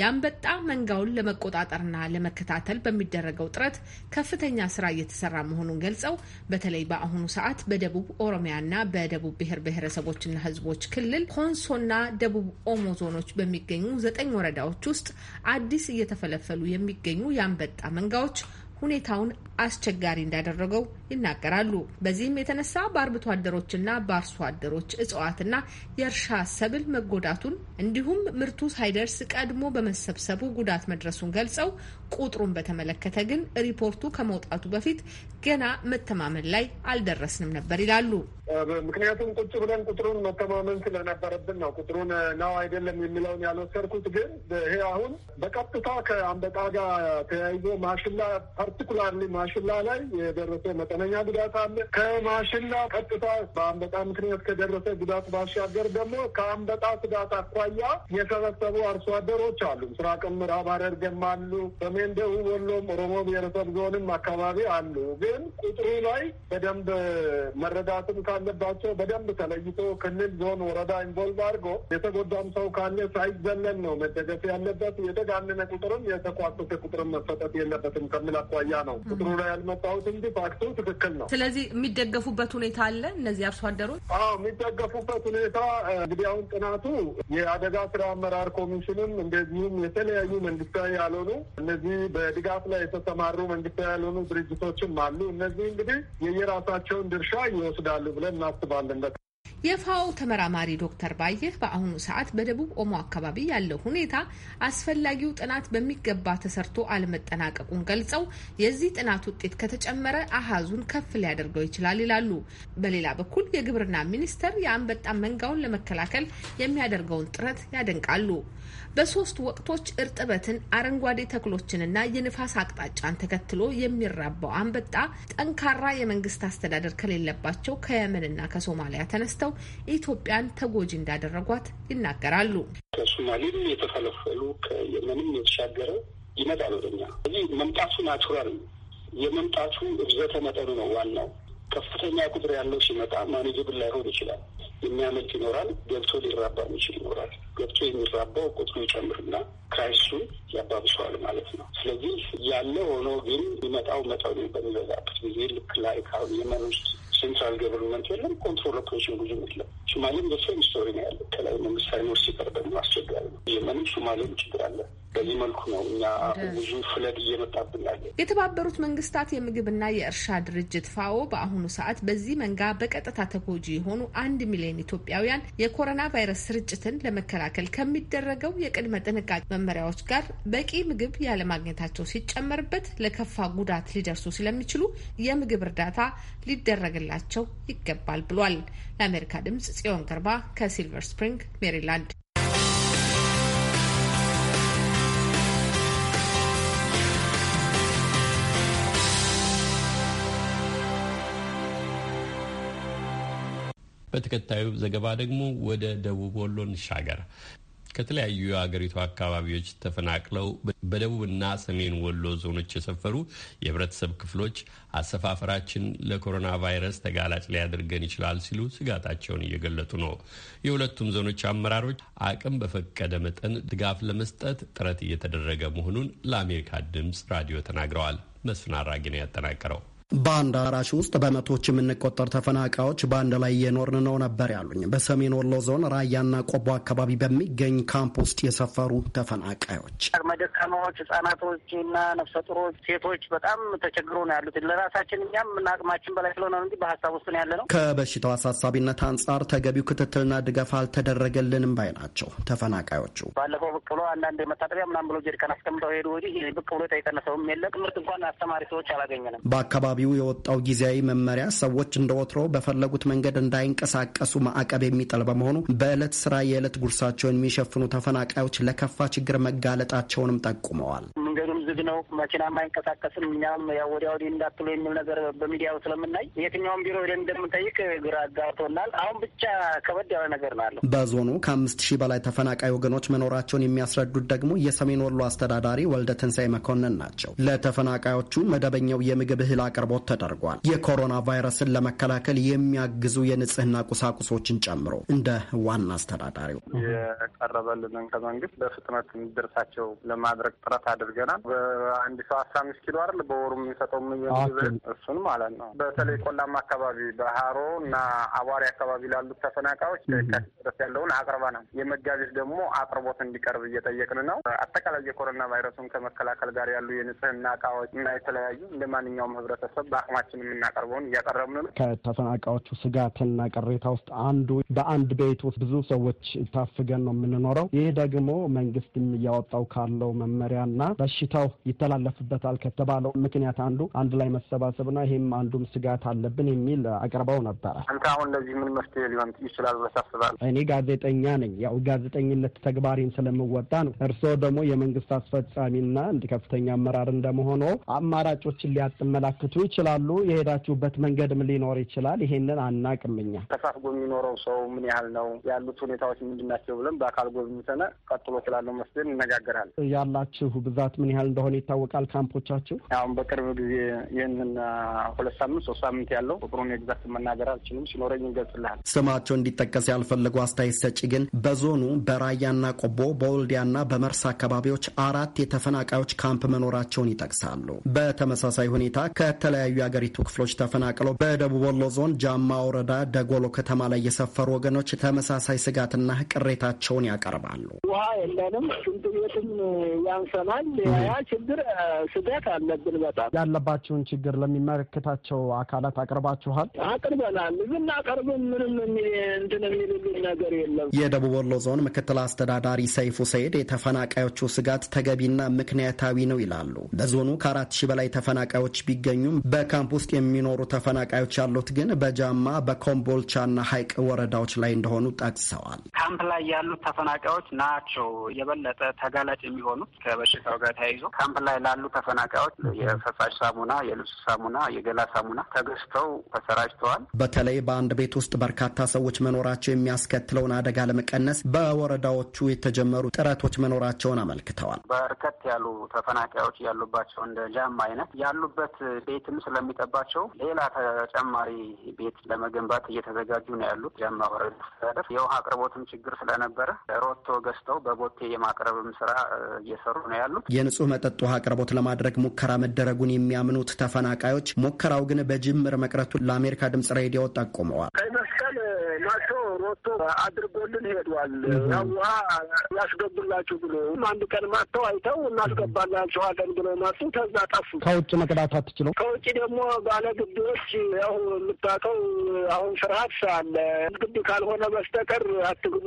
የአንበጣ መንጋውን ለመቆጣጠርና ለመከታተል በሚደረገው ጥረት ከፍተኛ ስራ እየተሰራ መሆኑን ገልጸው በተለይ በአሁኑ ሰዓት በደቡብ ኦሮሚያና በደቡብ ብሔር ብሔረሰቦችና ህዝቦች ክልል ኮንሶና ደቡብ ኦሞ ዞኖች በሚገኙ ዘጠኝ ወረዳዎች ውስጥ አዲስ እየተፈለፈሉ የሚገኙ የአንበጣ መንጋዎች ሁኔታውን አስቸጋሪ እንዳደረገው ይናገራሉ። በዚህም የተነሳ በአርብቶ አደሮችና በአርሶ አደሮች እጽዋትና የእርሻ ሰብል መጎዳቱን እንዲሁም ምርቱ ሳይደርስ ቀድሞ በመሰብሰቡ ጉዳት መድረሱን ገልጸው ቁጥሩን በተመለከተ ግን ሪፖርቱ ከመውጣቱ በፊት ገና መተማመን ላይ አልደረስንም ነበር ይላሉ። ምክንያቱም ቁጭ ብለን ቁጥሩን መተማመን ስለነበረብን ነው። ቁጥሩን ነው አይደለም የሚለውን ያልወሰድኩት። ግን ይሄ አሁን በቀጥታ ከአንበጣ ጋር ተያይዞ ማሽላ ፓርቲኩላርሊ ማሽላ ላይ የደረሰ መጠነኛ ጉዳት አለ። ከማሽላ ቀጥታ በአንበጣ ምክንያት ከደረሰ ጉዳት ባሻገር ደግሞ ከአንበጣ ስጋት አኳያ የሰበሰቡ አርሶ አደሮች አሉ። ምስራቅም ምዕራብ ሐረርጌም አሉ። ሰሜን ደቡብ ወሎም ኦሮሞ ብሔረሰብ ዞንም አካባቢ አሉ። ግን ቁጥሩ ላይ በደንብ መረዳትም ካለባቸው በደንብ ተለይቶ ክልል፣ ዞን፣ ወረዳ ኢንቮልቭ አድርጎ የተጎዳም ሰው ካለ ሳይዘለን ነው መደገፍ ያለበት። የተጋነነ ቁጥርም የተኳሰተ ቁጥርም መፈጠት የለበትም ከሚል አኳያ ነው ቁጥሩ ላይ ያልመጣሁት እንጂ ፋክቱ ትክክል ነው። ስለዚህ የሚደገፉበት ሁኔታ አለ። እነዚህ አርሶ አደሮች አዎ የሚደገፉበት ሁኔታ እንግዲህ አሁን ጥናቱ የአደጋ ስራ አመራር ኮሚሽንም እንደዚሁም የተለያዩ መንግስታዊ ያልሆኑ እነዚህ እነዚህ በድጋፍ ላይ የተሰማሩ መንግስት ያልሆኑ ድርጅቶችም አሉ። እነዚህ እንግዲህ የየራሳቸውን ድርሻ ይወስዳሉ ብለን እናስባለን። የፋኦ ተመራማሪ ዶክተር ባየህ በአሁኑ ሰዓት በደቡብ ኦሞ አካባቢ ያለው ሁኔታ አስፈላጊው ጥናት በሚገባ ተሰርቶ አለመጠናቀቁን ገልጸው የዚህ ጥናት ውጤት ከተጨመረ አሃዙን ከፍ ሊያደርገው ይችላል ይላሉ። በሌላ በኩል የግብርና ሚኒስቴር የአንበጣ መንጋውን ለመከላከል የሚያደርገውን ጥረት ያደንቃሉ። በሶስት ወቅቶች እርጥበትን፣ አረንጓዴ ተክሎችንና የንፋስ አቅጣጫን ተከትሎ የሚራባው አንበጣ ጠንካራ የመንግስት አስተዳደር ከሌለባቸው ከየመንና ከሶማሊያ ተነስተው ተነስተው ኢትዮጵያን ተጎጂ እንዳደረጓት ይናገራሉ። ከሶማሌም የተፈለፈሉ ከየመንም የተሻገረ ይመጣል ወደኛ። እዚህ መምጣቱ ናቹራል ነው። የመምጣቱ እብዘተ መጠኑ ነው ዋናው። ከፍተኛ ቁጥር ያለው ሲመጣ ማኔጅብል ላይሆን ይችላል። የሚያመልጥ ይኖራል። ገብቶ ሊራባ የሚችል ይኖራል። ገብቶ የሚራባው ቁጥሩ ይጨምርና ክራይሱን ያባብሰዋል ማለት ነው። ስለዚህ ያለ ሆኖ ግን የሚመጣው መጠኑ በሚበዛበት ጊዜ ልክ ላይ ካሁን የመን ውስጥ ሴንትራል ገቨርንመንት የለም፣ ኮንትሮል ኦፕሬሽን ብዙ የለም። ሶማሌም በሴም ስቶሪ ነው ያለ። ከላይ መንግስት ሳይኖር ሲቀር ደግሞ አስቸጋሪ ነው። የመንም ሶማሌም ችግር አለ። በዚህ መልኩ ነው እኛ ብዙ ፍለድ እየመጣብን ያለ። የተባበሩት መንግስታት የምግብና የእርሻ ድርጅት ፋኦ በአሁኑ ሰዓት በዚህ መንጋ በቀጥታ ተጎጂ የሆኑ አንድ ሚሊዮን ኢትዮጵያውያን የኮሮና ቫይረስ ስርጭትን ለመከላከል ከሚደረገው የቅድመ ጥንቃቄ መመሪያዎች ጋር በቂ ምግብ ያለማግኘታቸው ሲጨመርበት ለከፋ ጉዳት ሊደርሱ ስለሚችሉ የምግብ እርዳታ ሊደረግላቸው ይገባል ብሏል። ለአሜሪካ ድምጽ ጽዮን ገርባ ከሲልቨር ስፕሪንግ ሜሪላንድ። በተከታዩ ዘገባ ደግሞ ወደ ደቡብ ወሎ እንሻገር። ከተለያዩ የአገሪቱ አካባቢዎች ተፈናቅለው በደቡብና ሰሜን ወሎ ዞኖች የሰፈሩ የህብረተሰብ ክፍሎች አሰፋፈራችን ለኮሮና ቫይረስ ተጋላጭ ሊያደርገን ይችላል ሲሉ ስጋታቸውን እየገለጡ ነው። የሁለቱም ዞኖች አመራሮች አቅም በፈቀደ መጠን ድጋፍ ለመስጠት ጥረት እየተደረገ መሆኑን ለአሜሪካ ድምፅ ራዲዮ ተናግረዋል። መስፍን አራጌ ነው ያጠናቀረው። በአንድ አራሽ ውስጥ በመቶዎች የምንቆጠር ተፈናቃዮች በአንድ ላይ እየኖርን ነው ነበር ያሉኝ በሰሜን ወሎ ዞን ራያና ቆቦ አካባቢ በሚገኝ ካምፕ ውስጥ የሰፈሩ ተፈናቃዮች አቅመ ደካማዎች፣ ህጻናቶች እና ነፍሰ ጡሮች፣ ሴቶች በጣም ተቸግሮ ነው ያሉት። ለራሳችን እኛም እና አቅማችን በላይ ስለሆነ እንጂ በሀሳብ ውስጥ ነው ያለ ነው። ከበሽታው አሳሳቢነት አንጻር ተገቢው ክትትልና ድጋፍ አልተደረገልንም ባይ ናቸው ተፈናቃዮቹ። ባለፈው ብቅ ብሎ አንዳንድ መታጠቢያ ምናምን ብሎ ጀሪካን አስቀምጠው ሄዱ። ወዲህ ብቅ ብሎ የጠየቀን የለ። ትምህርት እንኳን አስተማሪ ሰዎች አላገኘንም በአካባቢ አካባቢው የወጣው ጊዜያዊ መመሪያ ሰዎች እንደ ወትሮ በፈለጉት መንገድ እንዳይንቀሳቀሱ ማዕቀብ የሚጥል በመሆኑ በዕለት ስራ የዕለት ጉርሳቸውን የሚሸፍኑ ተፈናቃዮች ለከፋ ችግር መጋለጣቸውንም ጠቁመዋል። መንገዱም ዝግ ነው፣ መኪናም አይንቀሳቀስም። እኛም ያው ወዲያ ወዲህ እንዳትሎ የሚል ነገር በሚዲያው ስለምናይ የትኛውም ቢሮ ወደ እንደምንጠይቅ ግራ አጋብቶናል። አሁን ብቻ ከበድ ያለ ነገር ነው ያለው። በዞኑ ከአምስት ሺህ በላይ ተፈናቃይ ወገኖች መኖራቸውን የሚያስረዱት ደግሞ የሰሜን ወሎ አስተዳዳሪ ወልደ ትንሳኤ መኮንን ናቸው። ለተፈናቃዮቹ መደበኛው የምግብ እህል አቅርቦ አቅርቦት ተደርጓል። የኮሮና ቫይረስን ለመከላከል የሚያግዙ የንጽህና ቁሳቁሶችን ጨምሮ እንደ ዋና አስተዳዳሪው የቀረበልንን ከመንግስት በፍጥነት እንዲደርሳቸው ለማድረግ ጥረት አድርገናል። በአንድ ሰው አስራ አምስት ኪሎ አይደል በወሩ የምንሰጠው እሱን ማለት ነው። በተለይ ቆላማ አካባቢ በሀሮ እና አቧሪ አካባቢ ላሉት ተፈናቃዮች ከድረስ ያለውን አቅርበናል። የመጋቢት ደግሞ አቅርቦት እንዲቀርብ እየጠየቅን ነው። አጠቃላይ የኮሮና ቫይረሱን ከመከላከል ጋር ያሉ የንጽህና እቃዎች እና የተለያዩ እንደ ማንኛውም ህብረተሰብ ለማህበረሰብ በአቅማችን የምናቀርበውን እያቀረብን ነው። ከተፈናቃዮቹ ስጋትና ቅሬታ ውስጥ አንዱ በአንድ ቤት ውስጥ ብዙ ሰዎች ታፍገን ነው የምንኖረው። ይህ ደግሞ መንግስትም እያወጣው ካለው መመሪያና በሽታው ይተላለፍበታል ከተባለው ምክንያት አንዱ አንድ ላይ መሰባሰብና ይህም አንዱም ስጋት አለብን የሚል አቅርበው ነበረ። አንተ አሁን ለዚህ ምን መፍትሄ ሊሆን ይችላል በሳስባል? እኔ ጋዜጠኛ ነኝ። ያው ጋዜጠኝነት ተግባሪን ስለምወጣ ነው። እርስዎ ደግሞ የመንግስት አስፈጻሚና እንዲ ከፍተኛ አመራር እንደመሆኖ አማራጮችን ሊያጥመላክቱ ይችላሉ። የሄዳችሁበት መንገድም ሊኖር ይችላል። ይሄንን አናቅም እኛ። ተሳፍጎ የሚኖረው ሰው ምን ያህል ነው ያሉት ሁኔታዎች ምንድን ናቸው ብለን በአካል ጎብኝተን ቀጥሎ ስላለው መስደን እነጋገራለን። ያላችሁ ብዛት ምን ያህል እንደሆነ ይታወቃል። ካምፖቻችሁ አሁን በቅርብ ጊዜ ይህንን ሁለት ሳምንት ሶስት ሳምንት ያለው ቁጥሩን የግዛት መናገር አልችልም። ሲኖረኝ እንገልጽልሃል። ስማቸው እንዲጠቀስ ያልፈለጉ አስተያየት ሰጪ ግን በዞኑ በራያና ቆቦ በወልዲያና በመርሳ አካባቢዎች አራት የተፈናቃዮች ካምፕ መኖራቸውን ይጠቅሳሉ። በተመሳሳይ ሁኔታ ከተ ከተለያዩ የአገሪቱ ክፍሎች ተፈናቅለው በደቡብ ወሎ ዞን ጃማ ወረዳ ደጎሎ ከተማ ላይ የሰፈሩ ወገኖች ተመሳሳይ ስጋትና ቅሬታቸውን ያቀርባሉ። ውሃ የለንም፣ ሽንት ቤትም ያንሰናል። ያ ችግር ስጋት አለብን በጣም ያለባቸውን ችግር ለሚመለከታቸው አካላት አቅርባችኋል? አቅርበናል። ብናቀርብም ምንም እንትን የሚልልን ነገር የለም። የደቡብ ወሎ ዞን ምክትል አስተዳዳሪ ሰይፉ ሰይድ የተፈናቃዮቹ ስጋት ተገቢና ምክንያታዊ ነው ይላሉ። በዞኑ ከአራት ሺህ በላይ ተፈናቃዮች ቢገኙም በካምፕ ውስጥ የሚኖሩ ተፈናቃዮች ያሉት ግን በጃማ በኮምቦልቻና ሀይቅ ወረዳዎች ላይ እንደሆኑ ጠቅሰዋል። ካምፕ ላይ ያሉት ተፈናቃዮች ናቸው የበለጠ ተጋላጭ የሚሆኑት ከበሽታው ጋር ተያይዞ ካምፕ ላይ ላሉ ተፈናቃዮች የፈሳሽ ሳሙና፣ የልብስ ሳሙና፣ የገላ ሳሙና ተገዝተው ተሰራጭተዋል። በተለይ በአንድ ቤት ውስጥ በርካታ ሰዎች መኖራቸው የሚያስከትለውን አደጋ ለመቀነስ በወረዳዎቹ የተጀመሩ ጥረቶች መኖራቸውን አመልክተዋል። በርከት ያሉ ተፈናቃዮች ያሉባቸው እንደ ጃማ አይነት ያሉበት ቤት ቤትም ስለሚጠባቸው ሌላ ተጨማሪ ቤት ለመገንባት እየተዘጋጁ ነው ያሉት። ጃማ ወረዳ የውሃ አቅርቦትም ችግር ስለነበረ ሮቶ ገዝተው በቦቴ የማቅረብም ስራ እየሰሩ ነው ያሉት። የንጹህ መጠጥ ውሃ አቅርቦት ለማድረግ ሙከራ መደረጉን የሚያምኑት ተፈናቃዮች ሙከራው ግን በጅምር መቅረቱ ለአሜሪካ ድምጽ ሬዲዮ ጠቁመዋል። ሮቶ አድርጎልን ሄዷል። ውሃ ያስገቡላችሁ ብሎ አንድ ቀን ማጥተው አይተው እናስገባላችኋለን ብለው መጡ። ከዛ ጠፉ። ከውጭ መቅዳት አትችለው። ከውጭ ደግሞ ባለ ግቢዎች ያው የምታውቀው አሁን ፍርሃት አለ። ግቢ ካልሆነ በስተቀር አትግቡ፣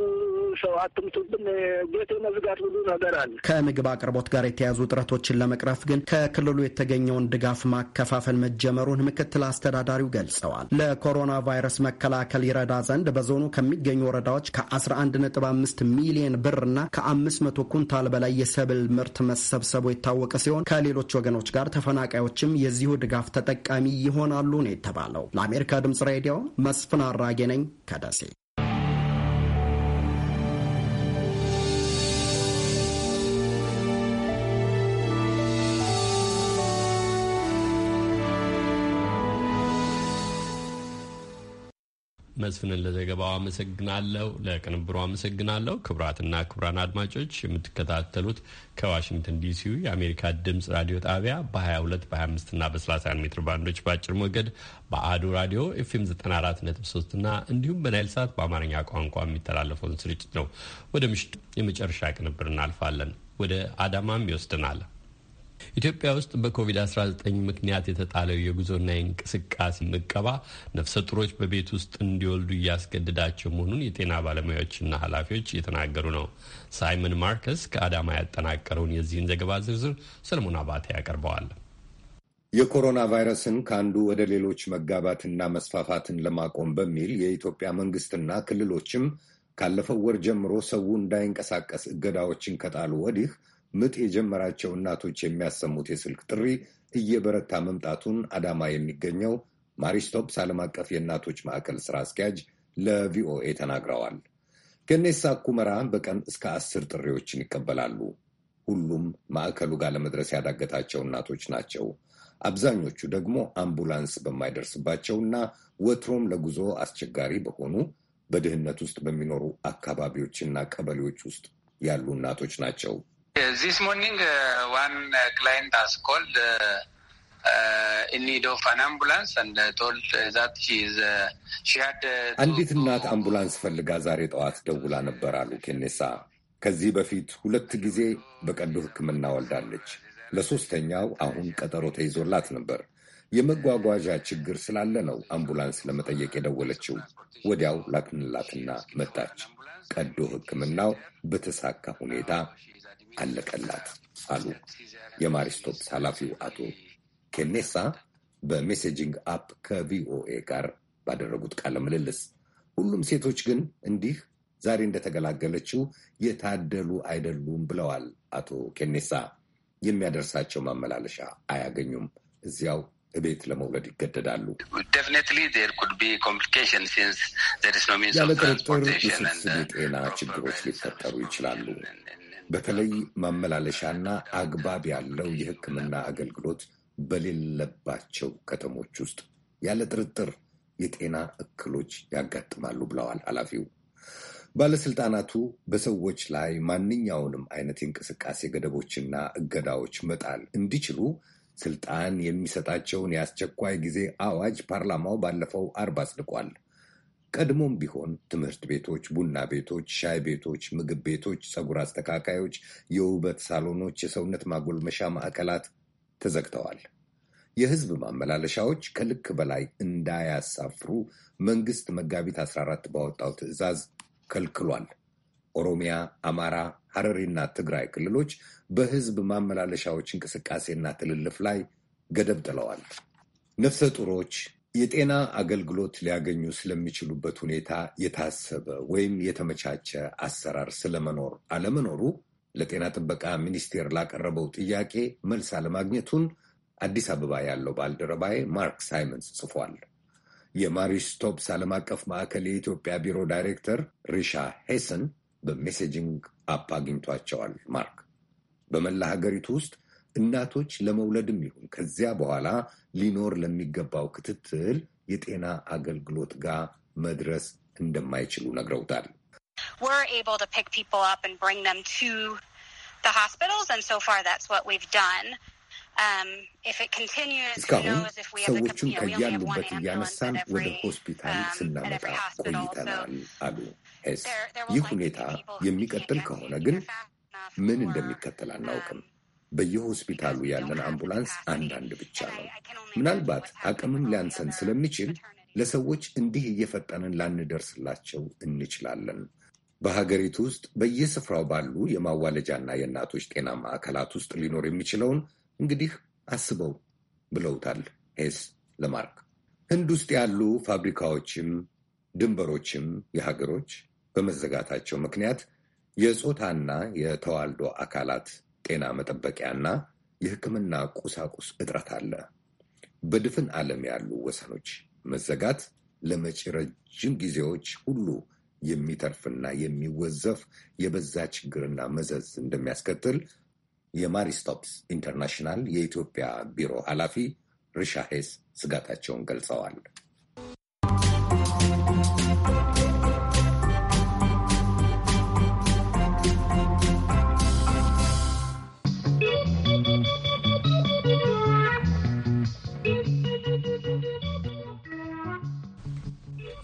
ሰው አትምቱብን፣ ቤት መዝጋት ብዙ ነገር አለ። ከምግብ አቅርቦት ጋር የተያዙ ጥረቶችን ለመቅረፍ ግን ከክልሉ የተገኘውን ድጋፍ ማከፋፈል መጀመሩን ምክትል አስተዳዳሪው ገልጸዋል። ለኮሮና ቫይረስ መከላከል ይረዳ ዘንድ በዞኑ ከሚገኙ ወረዳዎች ከ11.5 ሚሊየን ብር እና ከ500 ኩንታል በላይ የሰብል ምርት መሰብሰቡ የታወቀ ሲሆን ከሌሎች ወገኖች ጋር ተፈናቃዮችም የዚሁ ድጋፍ ተጠቃሚ ይሆናሉ ነው የተባለው። ለአሜሪካ ድምጽ ሬዲዮ መስፍን አራጌ ነኝ ከደሴ። መስፍንን ለዘገባው አመሰግናለሁ። ለቅንብሩ አመሰግናለሁ። ክቡራትና ክቡራን አድማጮች የምትከታተሉት ከዋሽንግተን ዲሲው የአሜሪካ ድምጽ ራዲዮ ጣቢያ በ22 በ25ና በ31 ሜትር ባንዶች በአጭር ሞገድ በአዶ ራዲዮ ኤፍኤም 94.3 እና እንዲሁም በናይል ሰዓት በአማርኛ ቋንቋ የሚተላለፈውን ስርጭት ነው። ወደ ምሽቱ የመጨረሻ ቅንብር እናልፋለን። ወደ አዳማም ይወስድናል። ኢትዮጵያ ውስጥ በኮቪድ-19 ምክንያት የተጣለው የጉዞና የእንቅስቃሴ ምቀባ ነፍሰ ጡሮች በቤት ውስጥ እንዲወልዱ እያስገድዳቸው መሆኑን የጤና ባለሙያዎችና ኃላፊዎች እየተናገሩ ነው። ሳይመን ማርከስ ከአዳማ ያጠናቀረውን የዚህን ዘገባ ዝርዝር ሰለሞን አባተ ያቀርበዋል። የኮሮና ቫይረስን ከአንዱ ወደ ሌሎች መጋባትና መስፋፋትን ለማቆም በሚል የኢትዮጵያ መንግስትና ክልሎችም ካለፈው ወር ጀምሮ ሰው እንዳይንቀሳቀስ እገዳዎችን ከጣሉ ወዲህ ምጥ የጀመራቸው እናቶች የሚያሰሙት የስልክ ጥሪ እየበረታ መምጣቱን አዳማ የሚገኘው ማሪስቶፕስ ዓለም አቀፍ የእናቶች ማዕከል ስራ አስኪያጅ ለቪኦኤ ተናግረዋል። ከኔሳ ኩመራ በቀን እስከ አስር ጥሪዎችን ይቀበላሉ። ሁሉም ማዕከሉ ጋር ለመድረስ ያዳገታቸው እናቶች ናቸው። አብዛኞቹ ደግሞ አምቡላንስ በማይደርስባቸውና ወትሮም ለጉዞ አስቸጋሪ በሆኑ በድህነት ውስጥ በሚኖሩ አካባቢዎችና ቀበሌዎች ውስጥ ያሉ እናቶች ናቸው። ዚስ ሞርኒንግ ዋን ክላይንት አስኮልድ አንዲት እናት አምቡላንስ ፈልጋ ዛሬ ጠዋት ደውላ ነበር አሉ ኬኔሳ። ከዚህ በፊት ሁለት ጊዜ በቀዶ ሕክምና ወልዳለች። ለሶስተኛው አሁን ቀጠሮ ተይዞላት ነበር። የመጓጓዣ ችግር ስላለ ነው አምቡላንስ ለመጠየቅ የደወለችው። ወዲያው ላክንላትና መጣች። ቀዶ ሕክምናው በተሳካ ሁኔታ አለቀላት አሉ የማሪስቶፕስ ኃላፊው አቶ ኬሜሳ በሜሴጂንግ አፕ ከቪኦኤ ጋር ባደረጉት ቃለ ምልልስ። ሁሉም ሴቶች ግን እንዲህ ዛሬ እንደተገላገለችው የታደሉ አይደሉም ብለዋል አቶ ኬሜሳ። የሚያደርሳቸው ማመላለሻ አያገኙም፣ እዚያው እቤት ለመውለድ ይገደዳሉ። ያለ ጥርጥር ውስብስብ uh, የጤና ችግሮች ሊፈጠሩ ይችላሉ። በተለይ ማመላለሻና አግባብ ያለው የሕክምና አገልግሎት በሌለባቸው ከተሞች ውስጥ ያለ ጥርጥር የጤና እክሎች ያጋጥማሉ ብለዋል ኃላፊው። ባለስልጣናቱ በሰዎች ላይ ማንኛውንም አይነት የእንቅስቃሴ ገደቦችና እገዳዎች መጣል እንዲችሉ ስልጣን የሚሰጣቸውን የአስቸኳይ ጊዜ አዋጅ ፓርላማው ባለፈው አርብ አጽድቋል። ቀድሞም ቢሆን ትምህርት ቤቶች፣ ቡና ቤቶች፣ ሻይ ቤቶች፣ ምግብ ቤቶች፣ ፀጉር አስተካካዮች፣ የውበት ሳሎኖች፣ የሰውነት ማጎልመሻ ማዕከላት ተዘግተዋል። የህዝብ ማመላለሻዎች ከልክ በላይ እንዳያሳፍሩ መንግስት መጋቢት 14 ባወጣው ትዕዛዝ ከልክሏል። ኦሮሚያ፣ አማራ፣ ሐረሪና ትግራይ ክልሎች በህዝብ ማመላለሻዎች እንቅስቃሴና ትልልፍ ላይ ገደብ ጥለዋል። ነፍሰ ጡሮች፣ የጤና አገልግሎት ሊያገኙ ስለሚችሉበት ሁኔታ የታሰበ ወይም የተመቻቸ አሰራር ስለመኖር አለመኖሩ ለጤና ጥበቃ ሚኒስቴር ላቀረበው ጥያቄ መልስ አለማግኘቱን አዲስ አበባ ያለው ባልደረባዬ ማርክ ሳይመንስ ጽፏል። የማሪስ ስቶፕስ ዓለም አቀፍ ማዕከል የኢትዮጵያ ቢሮ ዳይሬክተር ሪሻ ሄሰን በሜሴጂንግ አፕ አግኝቷቸዋል። ማርክ በመላ ሀገሪቱ ውስጥ እናቶች ለመውለድ ይሁን ከዚያ በኋላ ሊኖር ለሚገባው ክትትል የጤና አገልግሎት ጋር መድረስ እንደማይችሉ ነግረውታል። እስካሁን ሰዎቹን ከያሉበት እያነሳን ወደ ሆስፒታል um, ስናመጣ ቆይተናል አሉ ሄስ። ይህ ሁኔታ የሚቀጥል ከሆነ ግን ምን እንደሚከተል አናውቅም። በየሆስፒታሉ ያለን አምቡላንስ አንዳንድ ብቻ ነው። ምናልባት አቅምም ሊያንሰን ስለሚችል ለሰዎች እንዲህ እየፈጠንን ላንደርስላቸው እንችላለን። በሀገሪቱ ውስጥ በየስፍራው ባሉ የማዋለጃና የእናቶች ጤና ማዕከላት ውስጥ ሊኖር የሚችለውን እንግዲህ አስበው ብለውታል ሄስ ለማርክ። ህንድ ውስጥ ያሉ ፋብሪካዎችም ድንበሮችም የሀገሮች በመዘጋታቸው ምክንያት የጾታና የተዋልዶ አካላት ጤና መጠበቂያና የሕክምና ቁሳቁስ እጥረት አለ። በድፍን ዓለም ያሉ ወሰኖች መዘጋት ለመጪ ረጅም ጊዜዎች ሁሉ የሚተርፍና የሚወዘፍ የበዛ ችግርና መዘዝ እንደሚያስከትል የማሪስቶፕስ ኢንተርናሽናል የኢትዮጵያ ቢሮ ኃላፊ ርሻሄስ ሄስ ስጋታቸውን ገልጸዋል።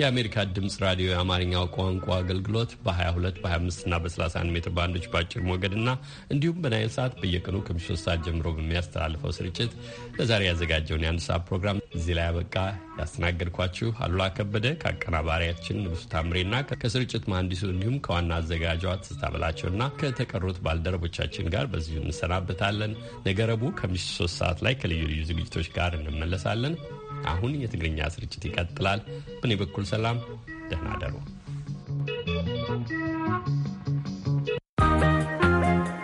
የአሜሪካ ድምፅ ራዲዮ የአማርኛው ቋንቋ አገልግሎት በ22 በ25 እና በ31 ሜትር ባንዶች በአጭር ሞገድ እና እንዲሁም በናይል ሰዓት በየቀኑ ከምሽቱ ሶስት ሰዓት ጀምሮ በሚያስተላልፈው ስርጭት ለዛሬ ያዘጋጀውን የአንድ ሰዓት ፕሮግራም እዚህ ላይ አበቃ። ያስተናገድኳችሁ አሉላ ከበደ ከአቀናባሪያችን ንጉሱ ታምሬና ከስርጭት መሐንዲሱ እንዲሁም ከዋና አዘጋጇ ትዝታ በላቸውና ከተቀሩት ባልደረቦቻችን ጋር በዚሁ እንሰናበታለን። ነገ ረቡዕ ከምሽቱ ሶስት ሰዓት ላይ ከልዩ ልዩ ዝግጅቶች ጋር እንመለሳለን። አሁን የትግርኛ ስርጭት ይቀጥላል። በእኔ በኩል ሰላም፣ ደህና አደሩ።